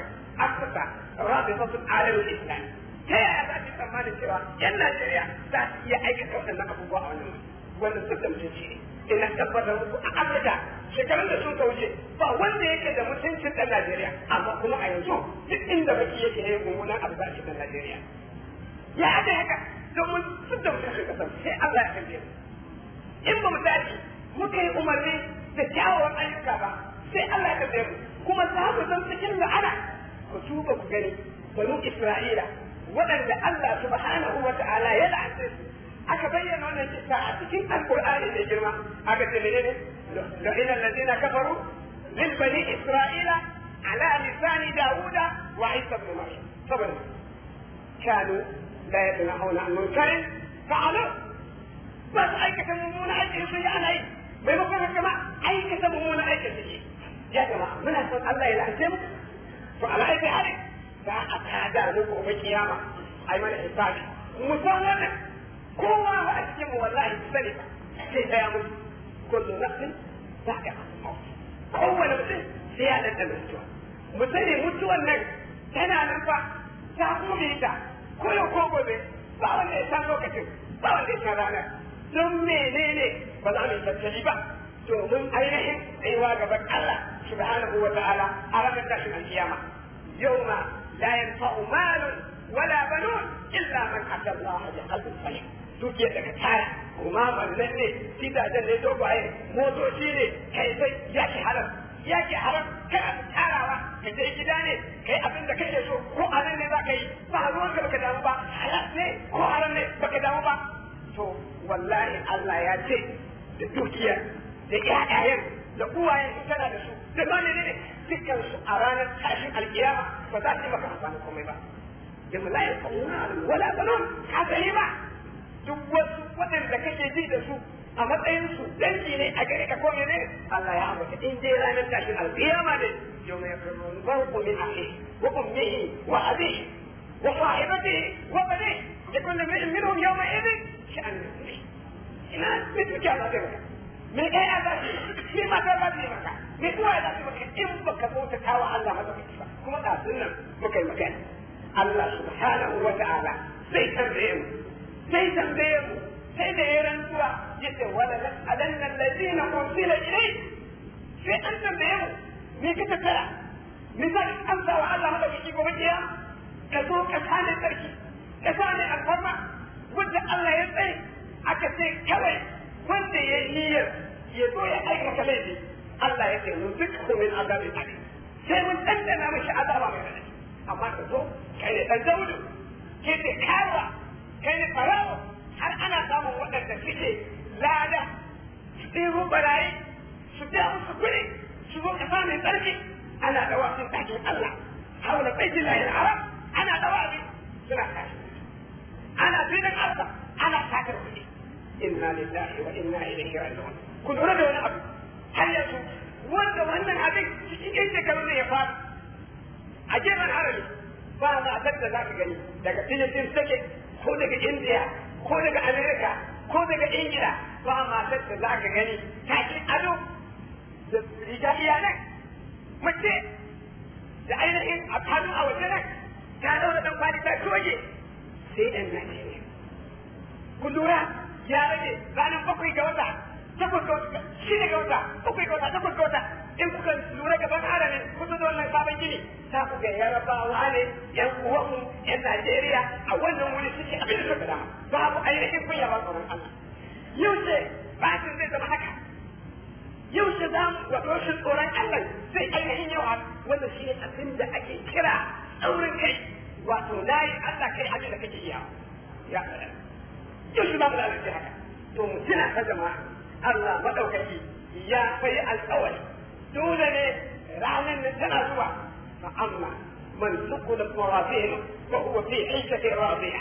Afirka rabitatul alamul islam ta yaya za ki tsammanin cewa yan Najeriya za su iya aikata waɗannan abubuwa a wannan wannan sun damce shi ne ina tabbatar muku a Afirka shekarun da sun kauce ba wanda yake da mutuncin ɗan Najeriya amma kuma a yanzu duk inda baki yake yin mummunan abu za a ɗan Najeriya ya aka haka domin su da mutuncin kasar sai Allah ya kalle in ba mu tashi muka yi umarni da kyawawan ayyuka ba sai Allah ya kalle mu kuma za mu san cikin la'ana ku tuba ku gani banu Isra'ila waɗanda Allah subhanahu wa ta'ala ya la'anta su aka bayyana wannan kissa a cikin alkur'ani mai girma aka ce menene la'ina allazina kafaru lil bani isra'ila ala lisani dauda wa isa ibn maryam saboda kanu la yatanahuna an munkarin fa'alu ba su aikata mummuna aikin sun yi ana yi maimakon haka ma aikata mummuna aikin sun yi ya jama'a muna son Allah ya la'ance mu to ala aiki hali za a tada mu gobe kiyama ai mana hisabi mu san wannan kullu nafsin za'iqa kowane mutum sai ya ɗanɗana mutuwa mu sani mutuwan nan tana nan fa ta kuma ta ko gobe ba wanda ya lokacin ba wanda ya ranar don menene ba za mu yi tattali ba domin ainihin tsayuwa gaban Allah subhanahu wa ta'ala a ranar tashin Yau yawma la yanfa'u malun wala banun illa man kuma ballan ne gidajen ne dogaye motoci ne kai sai ya yaki haram yaki haram kai a tarawa ka je gida ne kai abin da ke so ko a ne za ka yi ba ruwan ka baka damu ba halal ne ko haram ne baka damu ba to wallahi Allah ya ce da dukiya da ƴaƴayen da uwayen kana da su da ma ne ne dukkan su a ranar tashin alkiyama ba za su yi maka amfani komai ba jama'a la yaquluna wala banun ka ne ba duk wasu waɗanda kake ji da su a matsayin su dangi ne a gare ka ko ne Allah ya ambata in dai ranar tashin alƙiyama ne yau mai karɓar barku min ahi wa ummihi wa abihi wa sahibatihi wa bani yakun min minhum yawma idin sha'an ina mutuke ba da maka me kai a zafi shi ma ta zafi maka me kuwa ya zafi maka in baka bauta tawa Allah madaukaki ba kuma ɗazun nan muka yi magana Allah subhanahu wa ta'ala zai tarbe mu sai tambaye mu sai da ya rantsuwa ya ce wala la alanna alladhina ursila ilay sai an tambaye mu me ka tattara misali an sa wa Allah da kike gobe kiya ka zo ka kane sarki ka kane alfarma wanda Allah ya tsaye aka ce kawai wanda ya yi niyyar ya zo ya aikata laifi Allah ya ce mun duk min azabi ali sai mun dandana mishi azaba mai radadi amma ka zo kai ne dan daudu ke ta kawa kai ne farawo har ana samun waɗanda suke lada su ɗebo barayi su biya musu kuɗi su zo ƙasa mai tsarki ana dawa sun ɗakin Allah haula baitin lahil haram ana dawa bi suna tashi ana filin Allah ana sakar kuɗi inna lillahi wa inna ilaihi raji'un ku lura da wani abu har yanzu wanda wannan abin cikin yan shekaru ne ya faru a gefen harami ba na da za ka gani daga filin take ko daga indiya ko daga america ko daga ingila ba matar da za ka gani ta ado da riga iya mace da ainihin a kanu a waje nan ta zaune dan kwali ta toge sai dan ne kun lura ya rage ranar bakwai ga wata takwas ga wata shida ga wata bakwai ga wata takwas ga wata in kuka lura gaban haramin kusa da wannan sabon gini za ku ga yarabawa ne yan uwanmu yan najeriya a wannan wuri suke abin da suka dama babu ainihin kunya ba tsoron allah yaushe bacin zai zama haka yaushe za mu wato rashin tsoron allah zai ainihin yawa wanda shi ne abin da ake kira tsaurin kai wato layi allah kai abin da kake iya ya yaushe za mu lalace haka to mu tuna ka jama'a Allah maɗaukaki ya kai alƙawari dole ne ranar da tana zuwa fa amma man sukulat mawazinu fa huwa fi ishatin radiya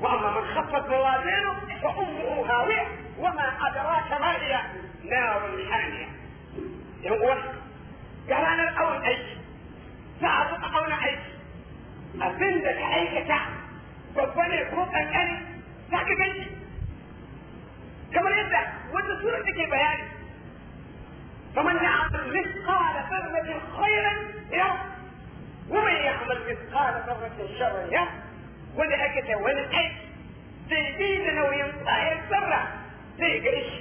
wa amma man khaffat mawazinu fa ummuhu hawiya wa ma adraka ma hiya narun haniya yan uwa ga ranar awon aiki za a zuka auna aiki abin da ka aikata babba ne ko kankani za ka ganki في بيان فمن يعمل مثقال ذرة خيرا يره ومن يعمل مثقال ذرة شرا يره ولا هكذا ولا الحج زي بيدنا وينطع يتسرع زي قريش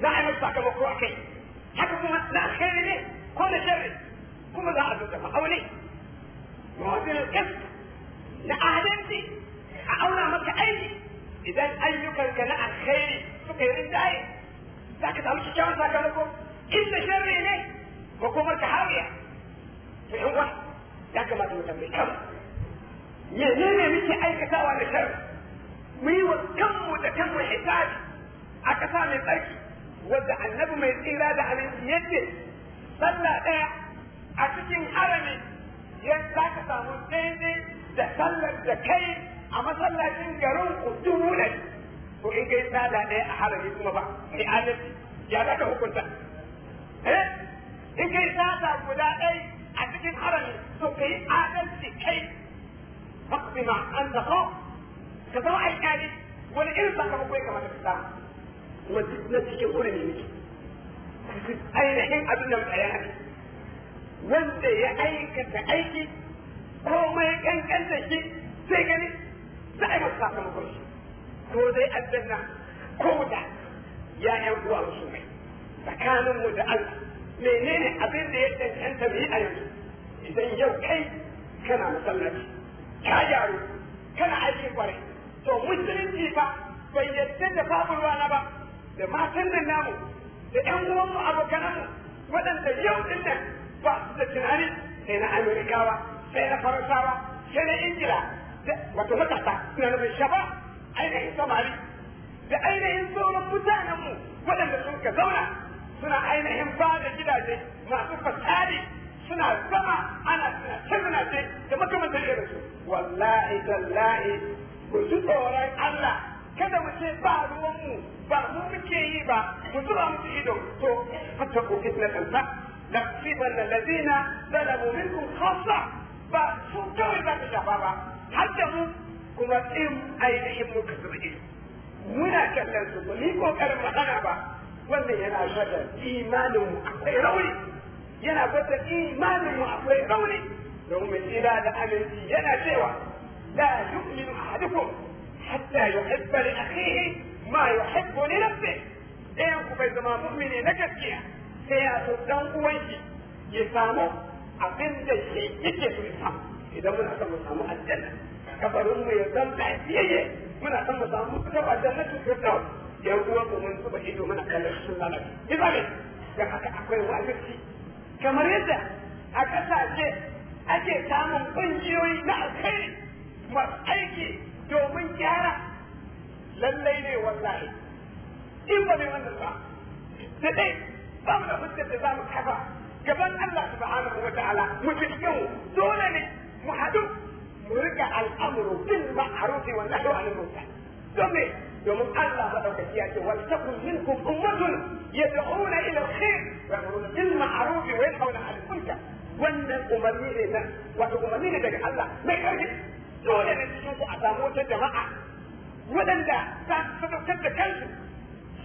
نعم يطلع كمكروه حكم لا خير ليه كل شر كل ذا عبد الله حواليه مواطن الكسب لا أهدمتي أولى مكة أيدي اذا اي كان كان خيري فكر انت اي لكن تعملش الجامعة ساكا لكم كل شر اليه وكم التحاوية في حوة لكن ما تمتم بكم يهنين يمشي اي كتاوة لشر ميو كم وتكم الحساب اكسام الفرق وضع النبو ما يزيل هذا عن يده صلى ايه اكسين حرمي يزاك تامو سيدي تسلم زكيه a masallacin garin ku dubu ne to in kai sada ɗaya a harafi kuma ba ni adalci ya za ka hukunta eh in kai sada guda ɗaya a cikin harafi to kai adalci kai faqdi ma an da ka zama alƙali wani irin sakamako kai kamar ka samu kuma na cikin hurumi ne ainihin abin nan bayani wanda ya aikata aiki komai kankan da shi sai gani za a yi masu sakamakon shi ko dai ko da ya yan uwa musu mai tsakanin mu da Allah menene abin da ya cancanta mu yi a yanzu idan yau kai kana masallaci ka yaro kana aiki kwarai to musulunci fa bai yadda da babu rana ba da matan nan namu da ƴan uwanmu mu waɗanda yau ɗin nan ba su da tunani sai na Amerikawa sai na Faransawa sai na Ingila wato matasa suna nufin shafa ainihin samari da ainihin sauran mutanenmu waɗanda sun ka zauna suna ainihin ba da gidaje masu fasari suna zama ana suna ce da makamantar irin su wallahi tallahi ku ji tsoron Allah kada mu ce ba ruwanmu ba mu muke yi ba mu zuba musu ido to hatta ku fitnatan ta nasiban da zalamu minkum khassa ba su kawai za ta shafa ba har da mu kuma ɗin ainihin muka zurge muna kallon su ba ni kokarin magana ba wannan yana gwada imanin mu akwai rauni yana gwada imanin mu akwai rauni don mai tsira da aminci yana cewa la yu'minu ahadukum hatta yuhibba li akhihi ma yuhibbu li nafsihi ɗayan ku bai zama mu'mini na gaskiya sai ya so dan uwanki ya samu abin da shi yake so ya samu idan muna son mu samu aljanna kafarin mu ya san lafiyayye muna son mu samu ta aljanna ta firdaus yan uwan mu mun zuba ido muna kallon sun lalace ina ne da haka akwai wajibi kamar yadda a kasashe ake samun kungiyoyi na alkhairi masu aiki domin gyara lallai ne wallahi in ba mai wannan ba da dai ba mu da hujjar da za mu kafa gaban Allah subhanahu wa ta'ala mu cikin dole ne mu haɗu mu al'amuru bil wa nahyu 'anil munkar domin Allah madaukaki ya ce wal takun minkum ummatun yad'una ila wa yamuruna bil wa yanhauna 'anil munkar umarni ne na wato umarni ne daga Allah mai karfi dole ne ku a samu wata jama'a waɗanda za su da kansu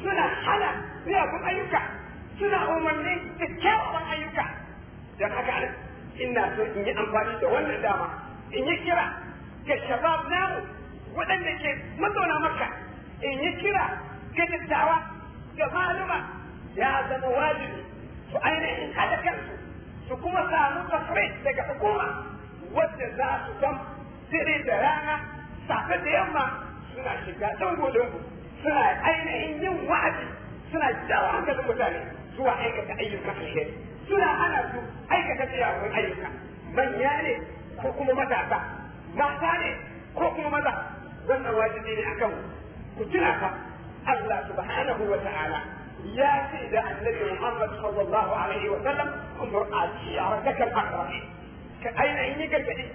suna hana miyagun ayyuka suna umarni da kyawawan ayyuka don haka ina so in yi amfani da wannan dama in yi kira ga shabab namu waɗanda ke mazauna maka. in yi kira ga dattawa ga maluma ya zama wajibi su ainihin haɗa kansu su kuma samu tafre daga hukuma wadda za su san dare da rana safe da yamma suna shiga dango-dango suna ainihin yin wa'azi suna jawo hankalin mutane zuwa aikata ayyukan alheri suna hana su aikata miyagun ayyuka manya ne ko kuma matasa mata ne ko kuma maza wannan wajibi ne akan ku tuna fa Allah subhanahu wa ta'ala ya ce da annabi Muhammad sallallahu alaihi wa sallam umur ashirataka al-aqrab ka aina in yi gargadi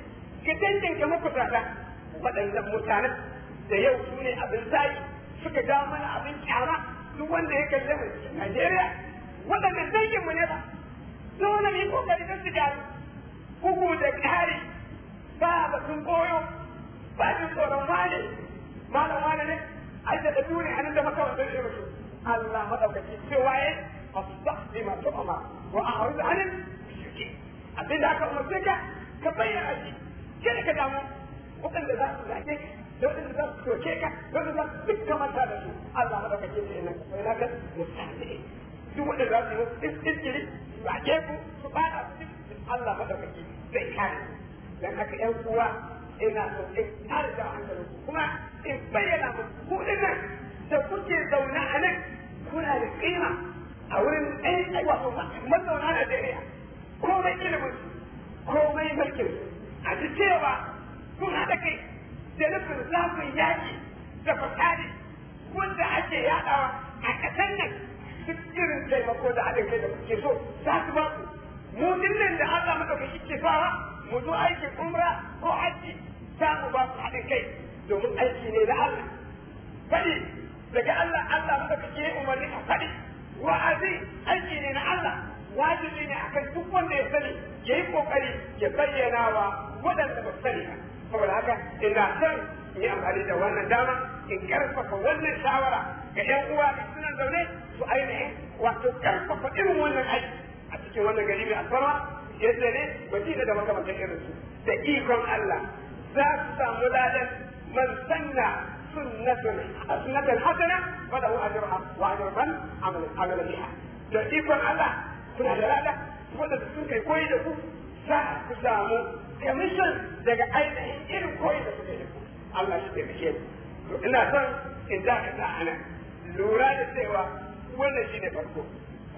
ka tantance makusata waɗannan mutanen da yau su ne abin zai suka ja mana abin kyara duk wanda ya kalle mu Najeriya waɗannan dangin mu ne ba dole mu yi kokari don su ku bugu da kari ba batun koyo ba jin tsoron wane malam wane ne ai da dabi ne anan da makamantar shi mutu Allah madaukaki cewa ya fasahli ma tu'ama wa a'rid anan shirki abinda aka umarce ka ka bayyana shi kada ka damu waɗanda za su zage ka da waɗanda za su soke ka da waɗanda za su duk kamata da su Allah madaukaki ce ina ka sai na ka misali duk waɗanda za su yi iskiri zage ku su ba da cikin Allah madaukaki zai kare dan haka ƴan uwa ina so in kare da hankali kuma in bayyana muku ku dinnan da kuke zauna a nan kuna da kima a wurin ɗaya ɗan wato mazauna Najeriya komai ilimin komai mulkin a ji cewa kun haɗa kai da nufin zafin yaƙi da fasari wanda ake yaɗawa a ƙasar nan duk taimako da haɗin kai da kuke so za su ba ku mu dillin da Allah madaukaki ke fara mu zo aikin umra ko hajji za mu ba ku haɗin kai domin aiki ne na Allah faɗi daga Allah Allah madaukaki ya umarni a faɗi wa'azi aiki ne na Allah wajibi ne akan duk wanda ya sani ya yi kokari ya bayyana wa waɗanda ba sani ba saboda haka ina son in yi amfani da wannan dama in ƙarfafa wannan shawara ga 'yan uwa zaune su ainihin wato karfafa irin wannan aiki a cikin wannan gari mai alfarma yadda ne madina da makamantar irin su da ikon Allah za su samu ladan man sanna sunnatan hasana wadda wa ajiyar wa ajru man amala da ikon Allah suna da wadda su sun kai koyi da ku za ku samu kamishin daga ainihin irin koyi da suka yi da ku Allah shi ke ku ina son in dakata a nan lura da cewa wannan ne farko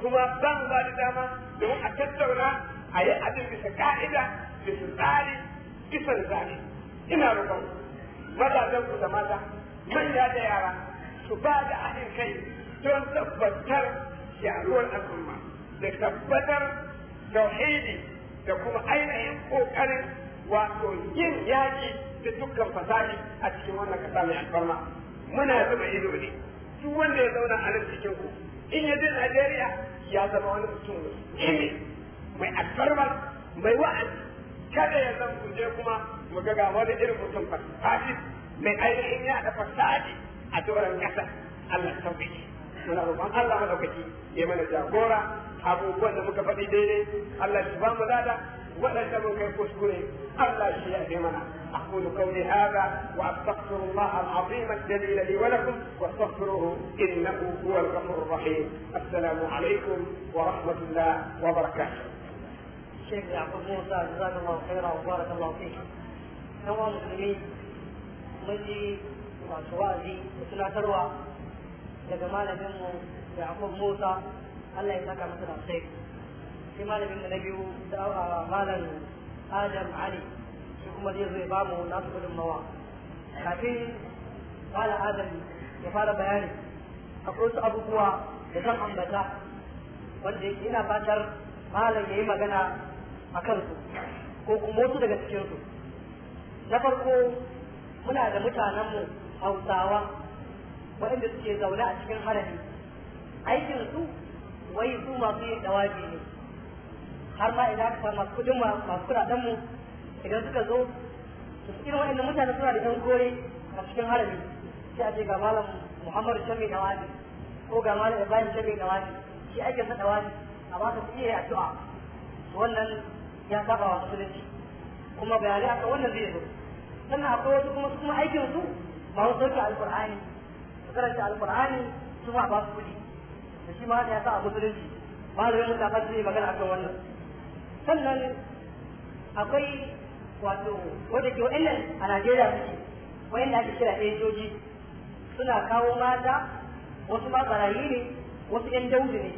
kuma za mu ba da dama don a tattauna a yi abin bisa ka'ida bisa tsari bisa zari ina roƙon mazajen ku da mata manya da yara su ba da ahin kai don tabbatar yaruwar al'umma da tabbatar tauhidi da kuma ainihin ƙoƙarin wato yin yaƙi da dukkan fasali a cikin wannan ƙasa mai alfarma muna zuba ido ne duk wanda ya zauna a nan cikin ku in ya je Najeriya ya zama wani mutum ne mai alfarma mai wa'azi kada ya zan kuje kuma mu ga wani irin mutum fasafi mai ainihin ya da fasadi a doran kasa Allah sauƙaƙi muna roƙon Allah madaukaki ya mana jagora abubuwan da muka faɗi daidai Allah shi ba mu lada waɗanda mun kai kuskure Allah shi ya mana اقول قولي هذا واستغفر الله العظيم الجليل لي ولكم واستغفروه انه هو الغفور الرحيم السلام عليكم ورحمه الله وبركاته. الشيخ يعقوب موسى جزاك الله خيرا وبارك الله فيك. نوى المسلمين مجي masu wa'azi تروى tunatarwa daga يعقوب موسى Musa Allah ya saka masa da sai النبي malamin ادم علي shi kuma zai zai bamu nasu mawa kafin fara adali ya fara bayani akwai wasu abubuwa da zan ambata wanda yake ina fatar malam ya yi magana a kansu ko kuma wasu daga cikinsu na farko muna da mutanenmu hausawa waɗanda suke zaune a cikin harami aikinsu wai su masu yin dawaji ne har ma idan aka samu kudin masu kudadenmu idan suka zo su cikin waɗannan mutane suna da ɗan kore a cikin harami sai a ce ga malam muhammad shami na wani ko ga malam ibrahim shami na wani shi ake sa wani a ba su iya addu'a wannan ya saba wa musulunci kuma bayanai aka wannan zai zo sannan akwai wasu kuma su kuma aikin su ba su sauke alƙur'ani su karanta alƙur'ani su ma ba su kuɗi da shi ma ya sa a musulunci malamin mutafa su yi magana akan wannan sannan akwai wato wanda ke a Najeriya suke ake kira ejoji suna kawo mata wasu ma barayi ne wasu ƴan daudu ne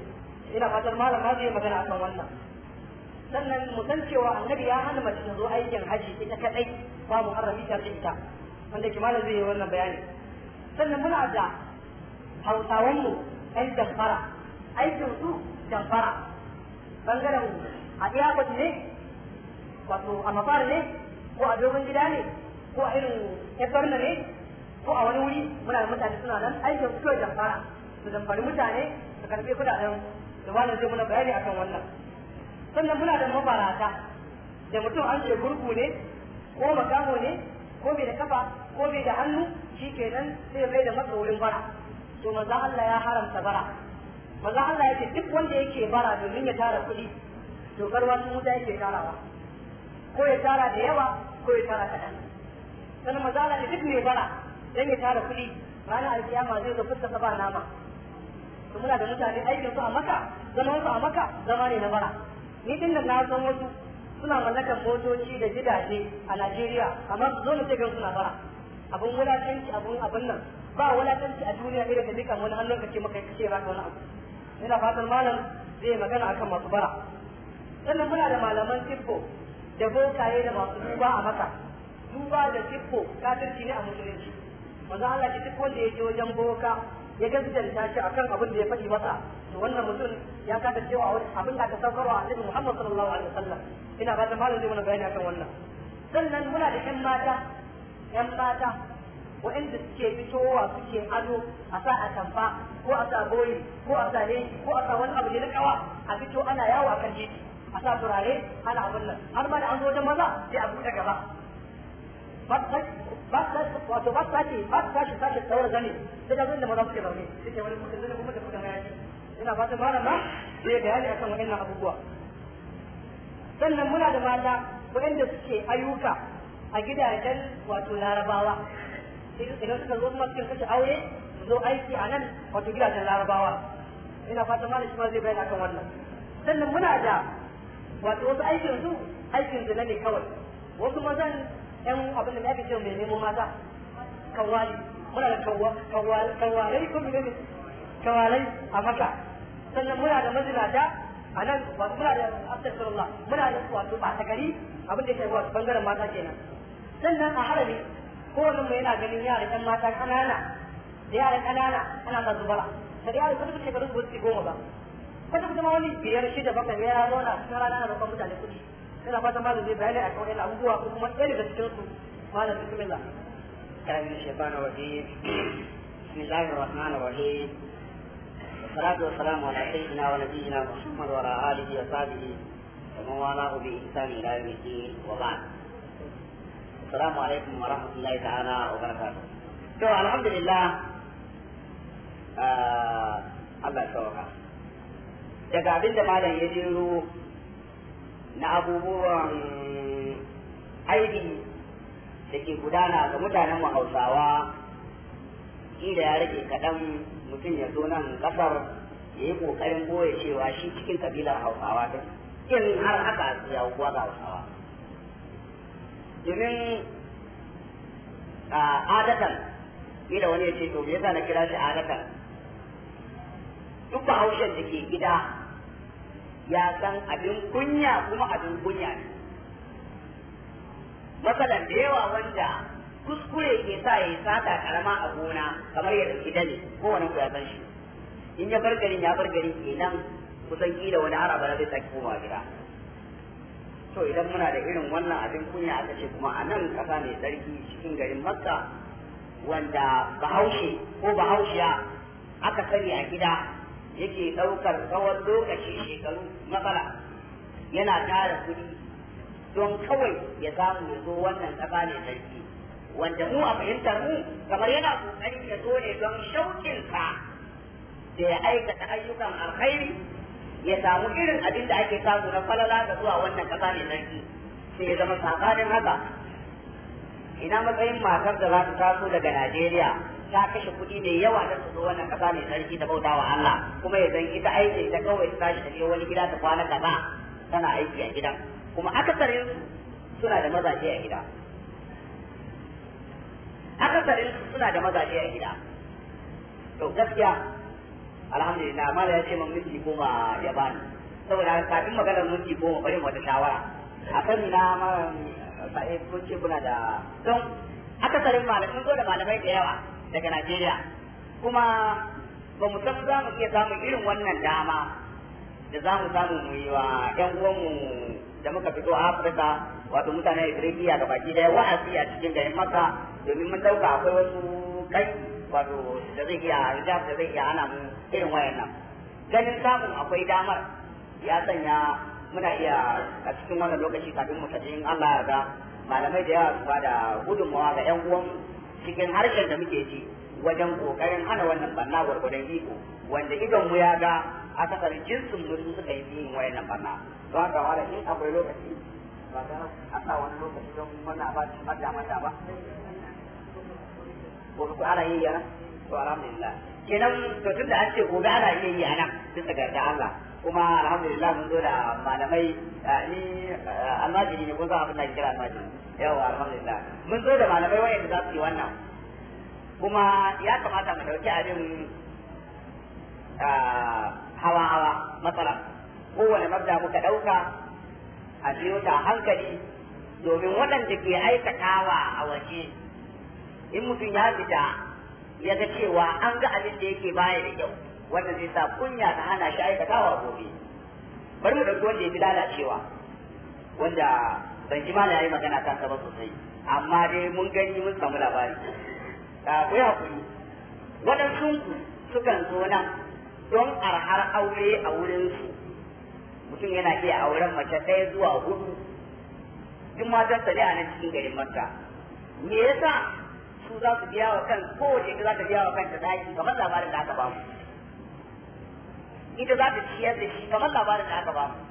ina fatar malama zai magana akan wannan sannan mu san cewa annabi ya hana mace ta zo aikin haji ita kadai ba muharrami ta ita wanda ke malam zai yi wannan bayani sannan muna da hausawanmu ƴan jamfara aikin su jamfara bangaren a iya ne wato a mafara ne ko a dogon gida ne ko a irin efarna ne ko a wani wuri muna da mutane suna nan aikin su jamfara su jamfari mutane su karɓi kudaden da wani zai muna bayani akan wannan sannan muna da mabarata da mutum an ce gurgu ne ko makamo ne ko bai da kafa ko bai da hannu shi kenan sai bai da masa wurin bara to maza Allah ya haramta bara maza Allah ya ce duk wanda yake bara domin ya tara kuɗi to garwa sun wuta yake tarawa ko ya tara da yawa ko ya tara kaɗan sannan mazala da duk mai bara dan ya tara kuɗi ranar alkiyama zai zo fuskar ba nama to muna da mutane aikinsu a maka zaman su a maka zama ne na bara ni din da na san wasu suna mallakar motoci da gidaje a Najeriya amma su zo sai gan suna bara abun wulatanci abun abun nan ba wulatanci a duniya ne daga dukan wani hannun kace maka kace ba wani abu ina fatan malam zai magana akan masu bara sannan muna da malaman tibbo da bokaye da masu duba a maka duba da sifko kafirci ne a musulunci wanda Allah ya duk wanda yake wajen boka ya gaskanta shi akan abin da ya faɗi masa to wannan mutum ya kada cewa abin da aka saukarwa annabi Muhammad sallallahu alaihi wasallam ina ba da malam zai mana bayani akan wannan sannan muna da yan mata yan mata waɗanda suke fitowa suke ado a sa a tamfa ko a sa boyi ko a sa ne ko a sa wani abu ne na kawa a fito ana yawo a kan titi a sa turare ana abin nan har ma da an zo wajen maza sai a buɗe gaba wato ba ta ce ba ta shi sashi tsawar zane sai da da maza suke zaune sai ke wani mutum zane kuma da kuka hayaki ina fatan malam na zai bayani akan wa'annan abubuwa sannan muna da mata waɗanda suke ayyuka a gidajen wato larabawa idan suka zo kuma cikin kashe aure su zo aiki a nan wato gidajen larabawa ina fatan malam shi ma zai bayani akan wannan sannan muna da wato wasu aikin su aikin zina ne kawai wasu mazan yan abin da na fi cewa mai nemo mata kawali muna da kawalai ko mai kawalai a maka sannan muna da mazinata a nan wato muna da astagfirullah muna da wato ba ta gari abin da ya shafi wato bangaren mata kenan sannan a harami kowane mai yana ganin yara ɗan mata ƙanana da yara ƙanana ana sa zubara da yara kudu fi shekaru su goma ba wata kusa wani biyar shida bakwai ya zauna cikin rana na babban mutane kuɗi ina fata malam zai bayani akan wani abubuwa ko kuma ɗaya daga cikin su malam bismillah كان من الشيطان الرجيم بسم الله الرحمن الرحيم والصلاة والسلام على سيدنا ونبينا محمد وعلى آله وصحبه ومن والاه بإحسان إلى يوم الدين وبعد السلام عليكم ورحمة الله تعالى وبركاته تو الحمد لله آه الله يسوقك daga abin da malam ya jiro na abubuwan aibi da ke gudana ga mutanen mu hausawa inda ya rage kaɗan mutum ya zo nan ƙasar ya yi ƙoƙarin goye cewa shi cikin kabilar hausawa ta, in har aka ya kuwa ga hausawa domin ah, adatan ila wani ya ce to me yasa na kira shi adatan duk bahaushen da ke gida ya san abin kunya kuma abin kunya ne matsalan da yawa wanda kuskure ke sa ya sata karama a gona kamar ya dauki dane ko wani ku ya san shi in ya bar garin ya bar garin kenan kusan ƙila wani har abara zai sake komawa gida to idan muna da irin wannan abin kunya a ce kuma a nan kasa mai tsarki cikin garin makka wanda bahaushe ko bahaushiya aka sani a gida yake ɗaukar tsawon lokaci shekaru matsala yana tara kuɗi don kawai ya samu ya zo wannan ƙasa ne sarki wanda mu a fahimtar mu kamar yana ƙoƙari ya zo ne don shauƙinsa da ya aikata ayyukan alkhairi ya samu irin abin da ake samu na falala da zuwa wannan ƙasa ne sarki sai ya zama sabanin haka ina matsayin matar da za ta taso daga Najeriya ta kashe kuɗi mai yawa don su zo wannan ƙasa mai sarki da bauta wa Allah kuma ya zan ita aiki ta kawai ta tashi ta wani gida ta kwana kaza tana aiki a gidan kuma akasarin suna da mazaje a gida su suna da mazaje a gida to gaskiya alhamdulillah mala ya ce min minti goma ya bani saboda kafin maganar minti goma bari wata shawara a kan na mara sa'i ko ce kuna da don akasarin malamin ko da malamai da yawa daga Najeriya kuma ba mu san za mu iya samun irin wannan dama da za mu samu mu yi wa 'yan uwanmu da muka fito a Afirka wato mutanen Ibrahimiya ga baki daya wa'azi a cikin garin Makka domin mun ɗauka akwai wasu kai wato da zai iya hijab da zai iya ana mu irin wayannan ganin samun akwai damar ya sanya muna iya a cikin wannan lokaci kafin mu tafi in Allah ya ga malamai da yawa su da gudunmawa ga 'yan uwanmu cikin harshen da muke ji wajen kokarin hana wannan banna gwargwadon iko wanda idan mu ya ga kasar jinsin mutum suka yi yin nan banna don haka wala in akwai lokaci ba za a sa wani lokaci don wannan ba ta mata mata ba ko ku ana yi ya to alhamdulillah kenan to tunda an ce gobe ana iya yi a nan bisa ga Allah kuma alhamdulillah mun zo da malamai eh, ni eh, almajiri ne ko za abin da kira almajiri yawa alhamdulillah mun zo da malamai wayanda za su yi wannan kuma ya kamata mu dauki abin eh, hawa hawa matsala kowane mabda muka dauka a biyo ta hankali domin waɗanda ke aikatawa a waje in mutum ya fita ya ga cewa an ga abin da yake baya da kyau wanda zai sa kunya ta hana shi aikatawa gobe bari mu dauki wanda ya fi lalacewa wanda ban ji ma yayi magana kan sa ba sosai amma dai mun gani mun samu labari ka ku ya kuri waɗansu sukan zo nan don arhar aure a wurin su mutum yana iya auren mace ɗaya zuwa hudu duk matarsa ne a nan cikin garin makka me yasa su za su biya wa kan kowace za ta biya wa kanta daki kamar labarin da aka ba mu. ita za ta ciyar da shi kamar labarin da aka ba mu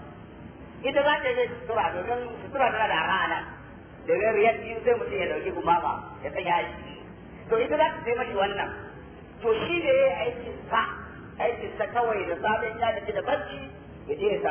ita za ta yi sutura domin sutura tana da rana domin riyar biyu sai mutum ya dauki gumama ya tsaya a jiki to ita za ta sai mashi wannan to shi da ya yi aikin sa aikin sa kawai da sabon ya da da barci ya je ya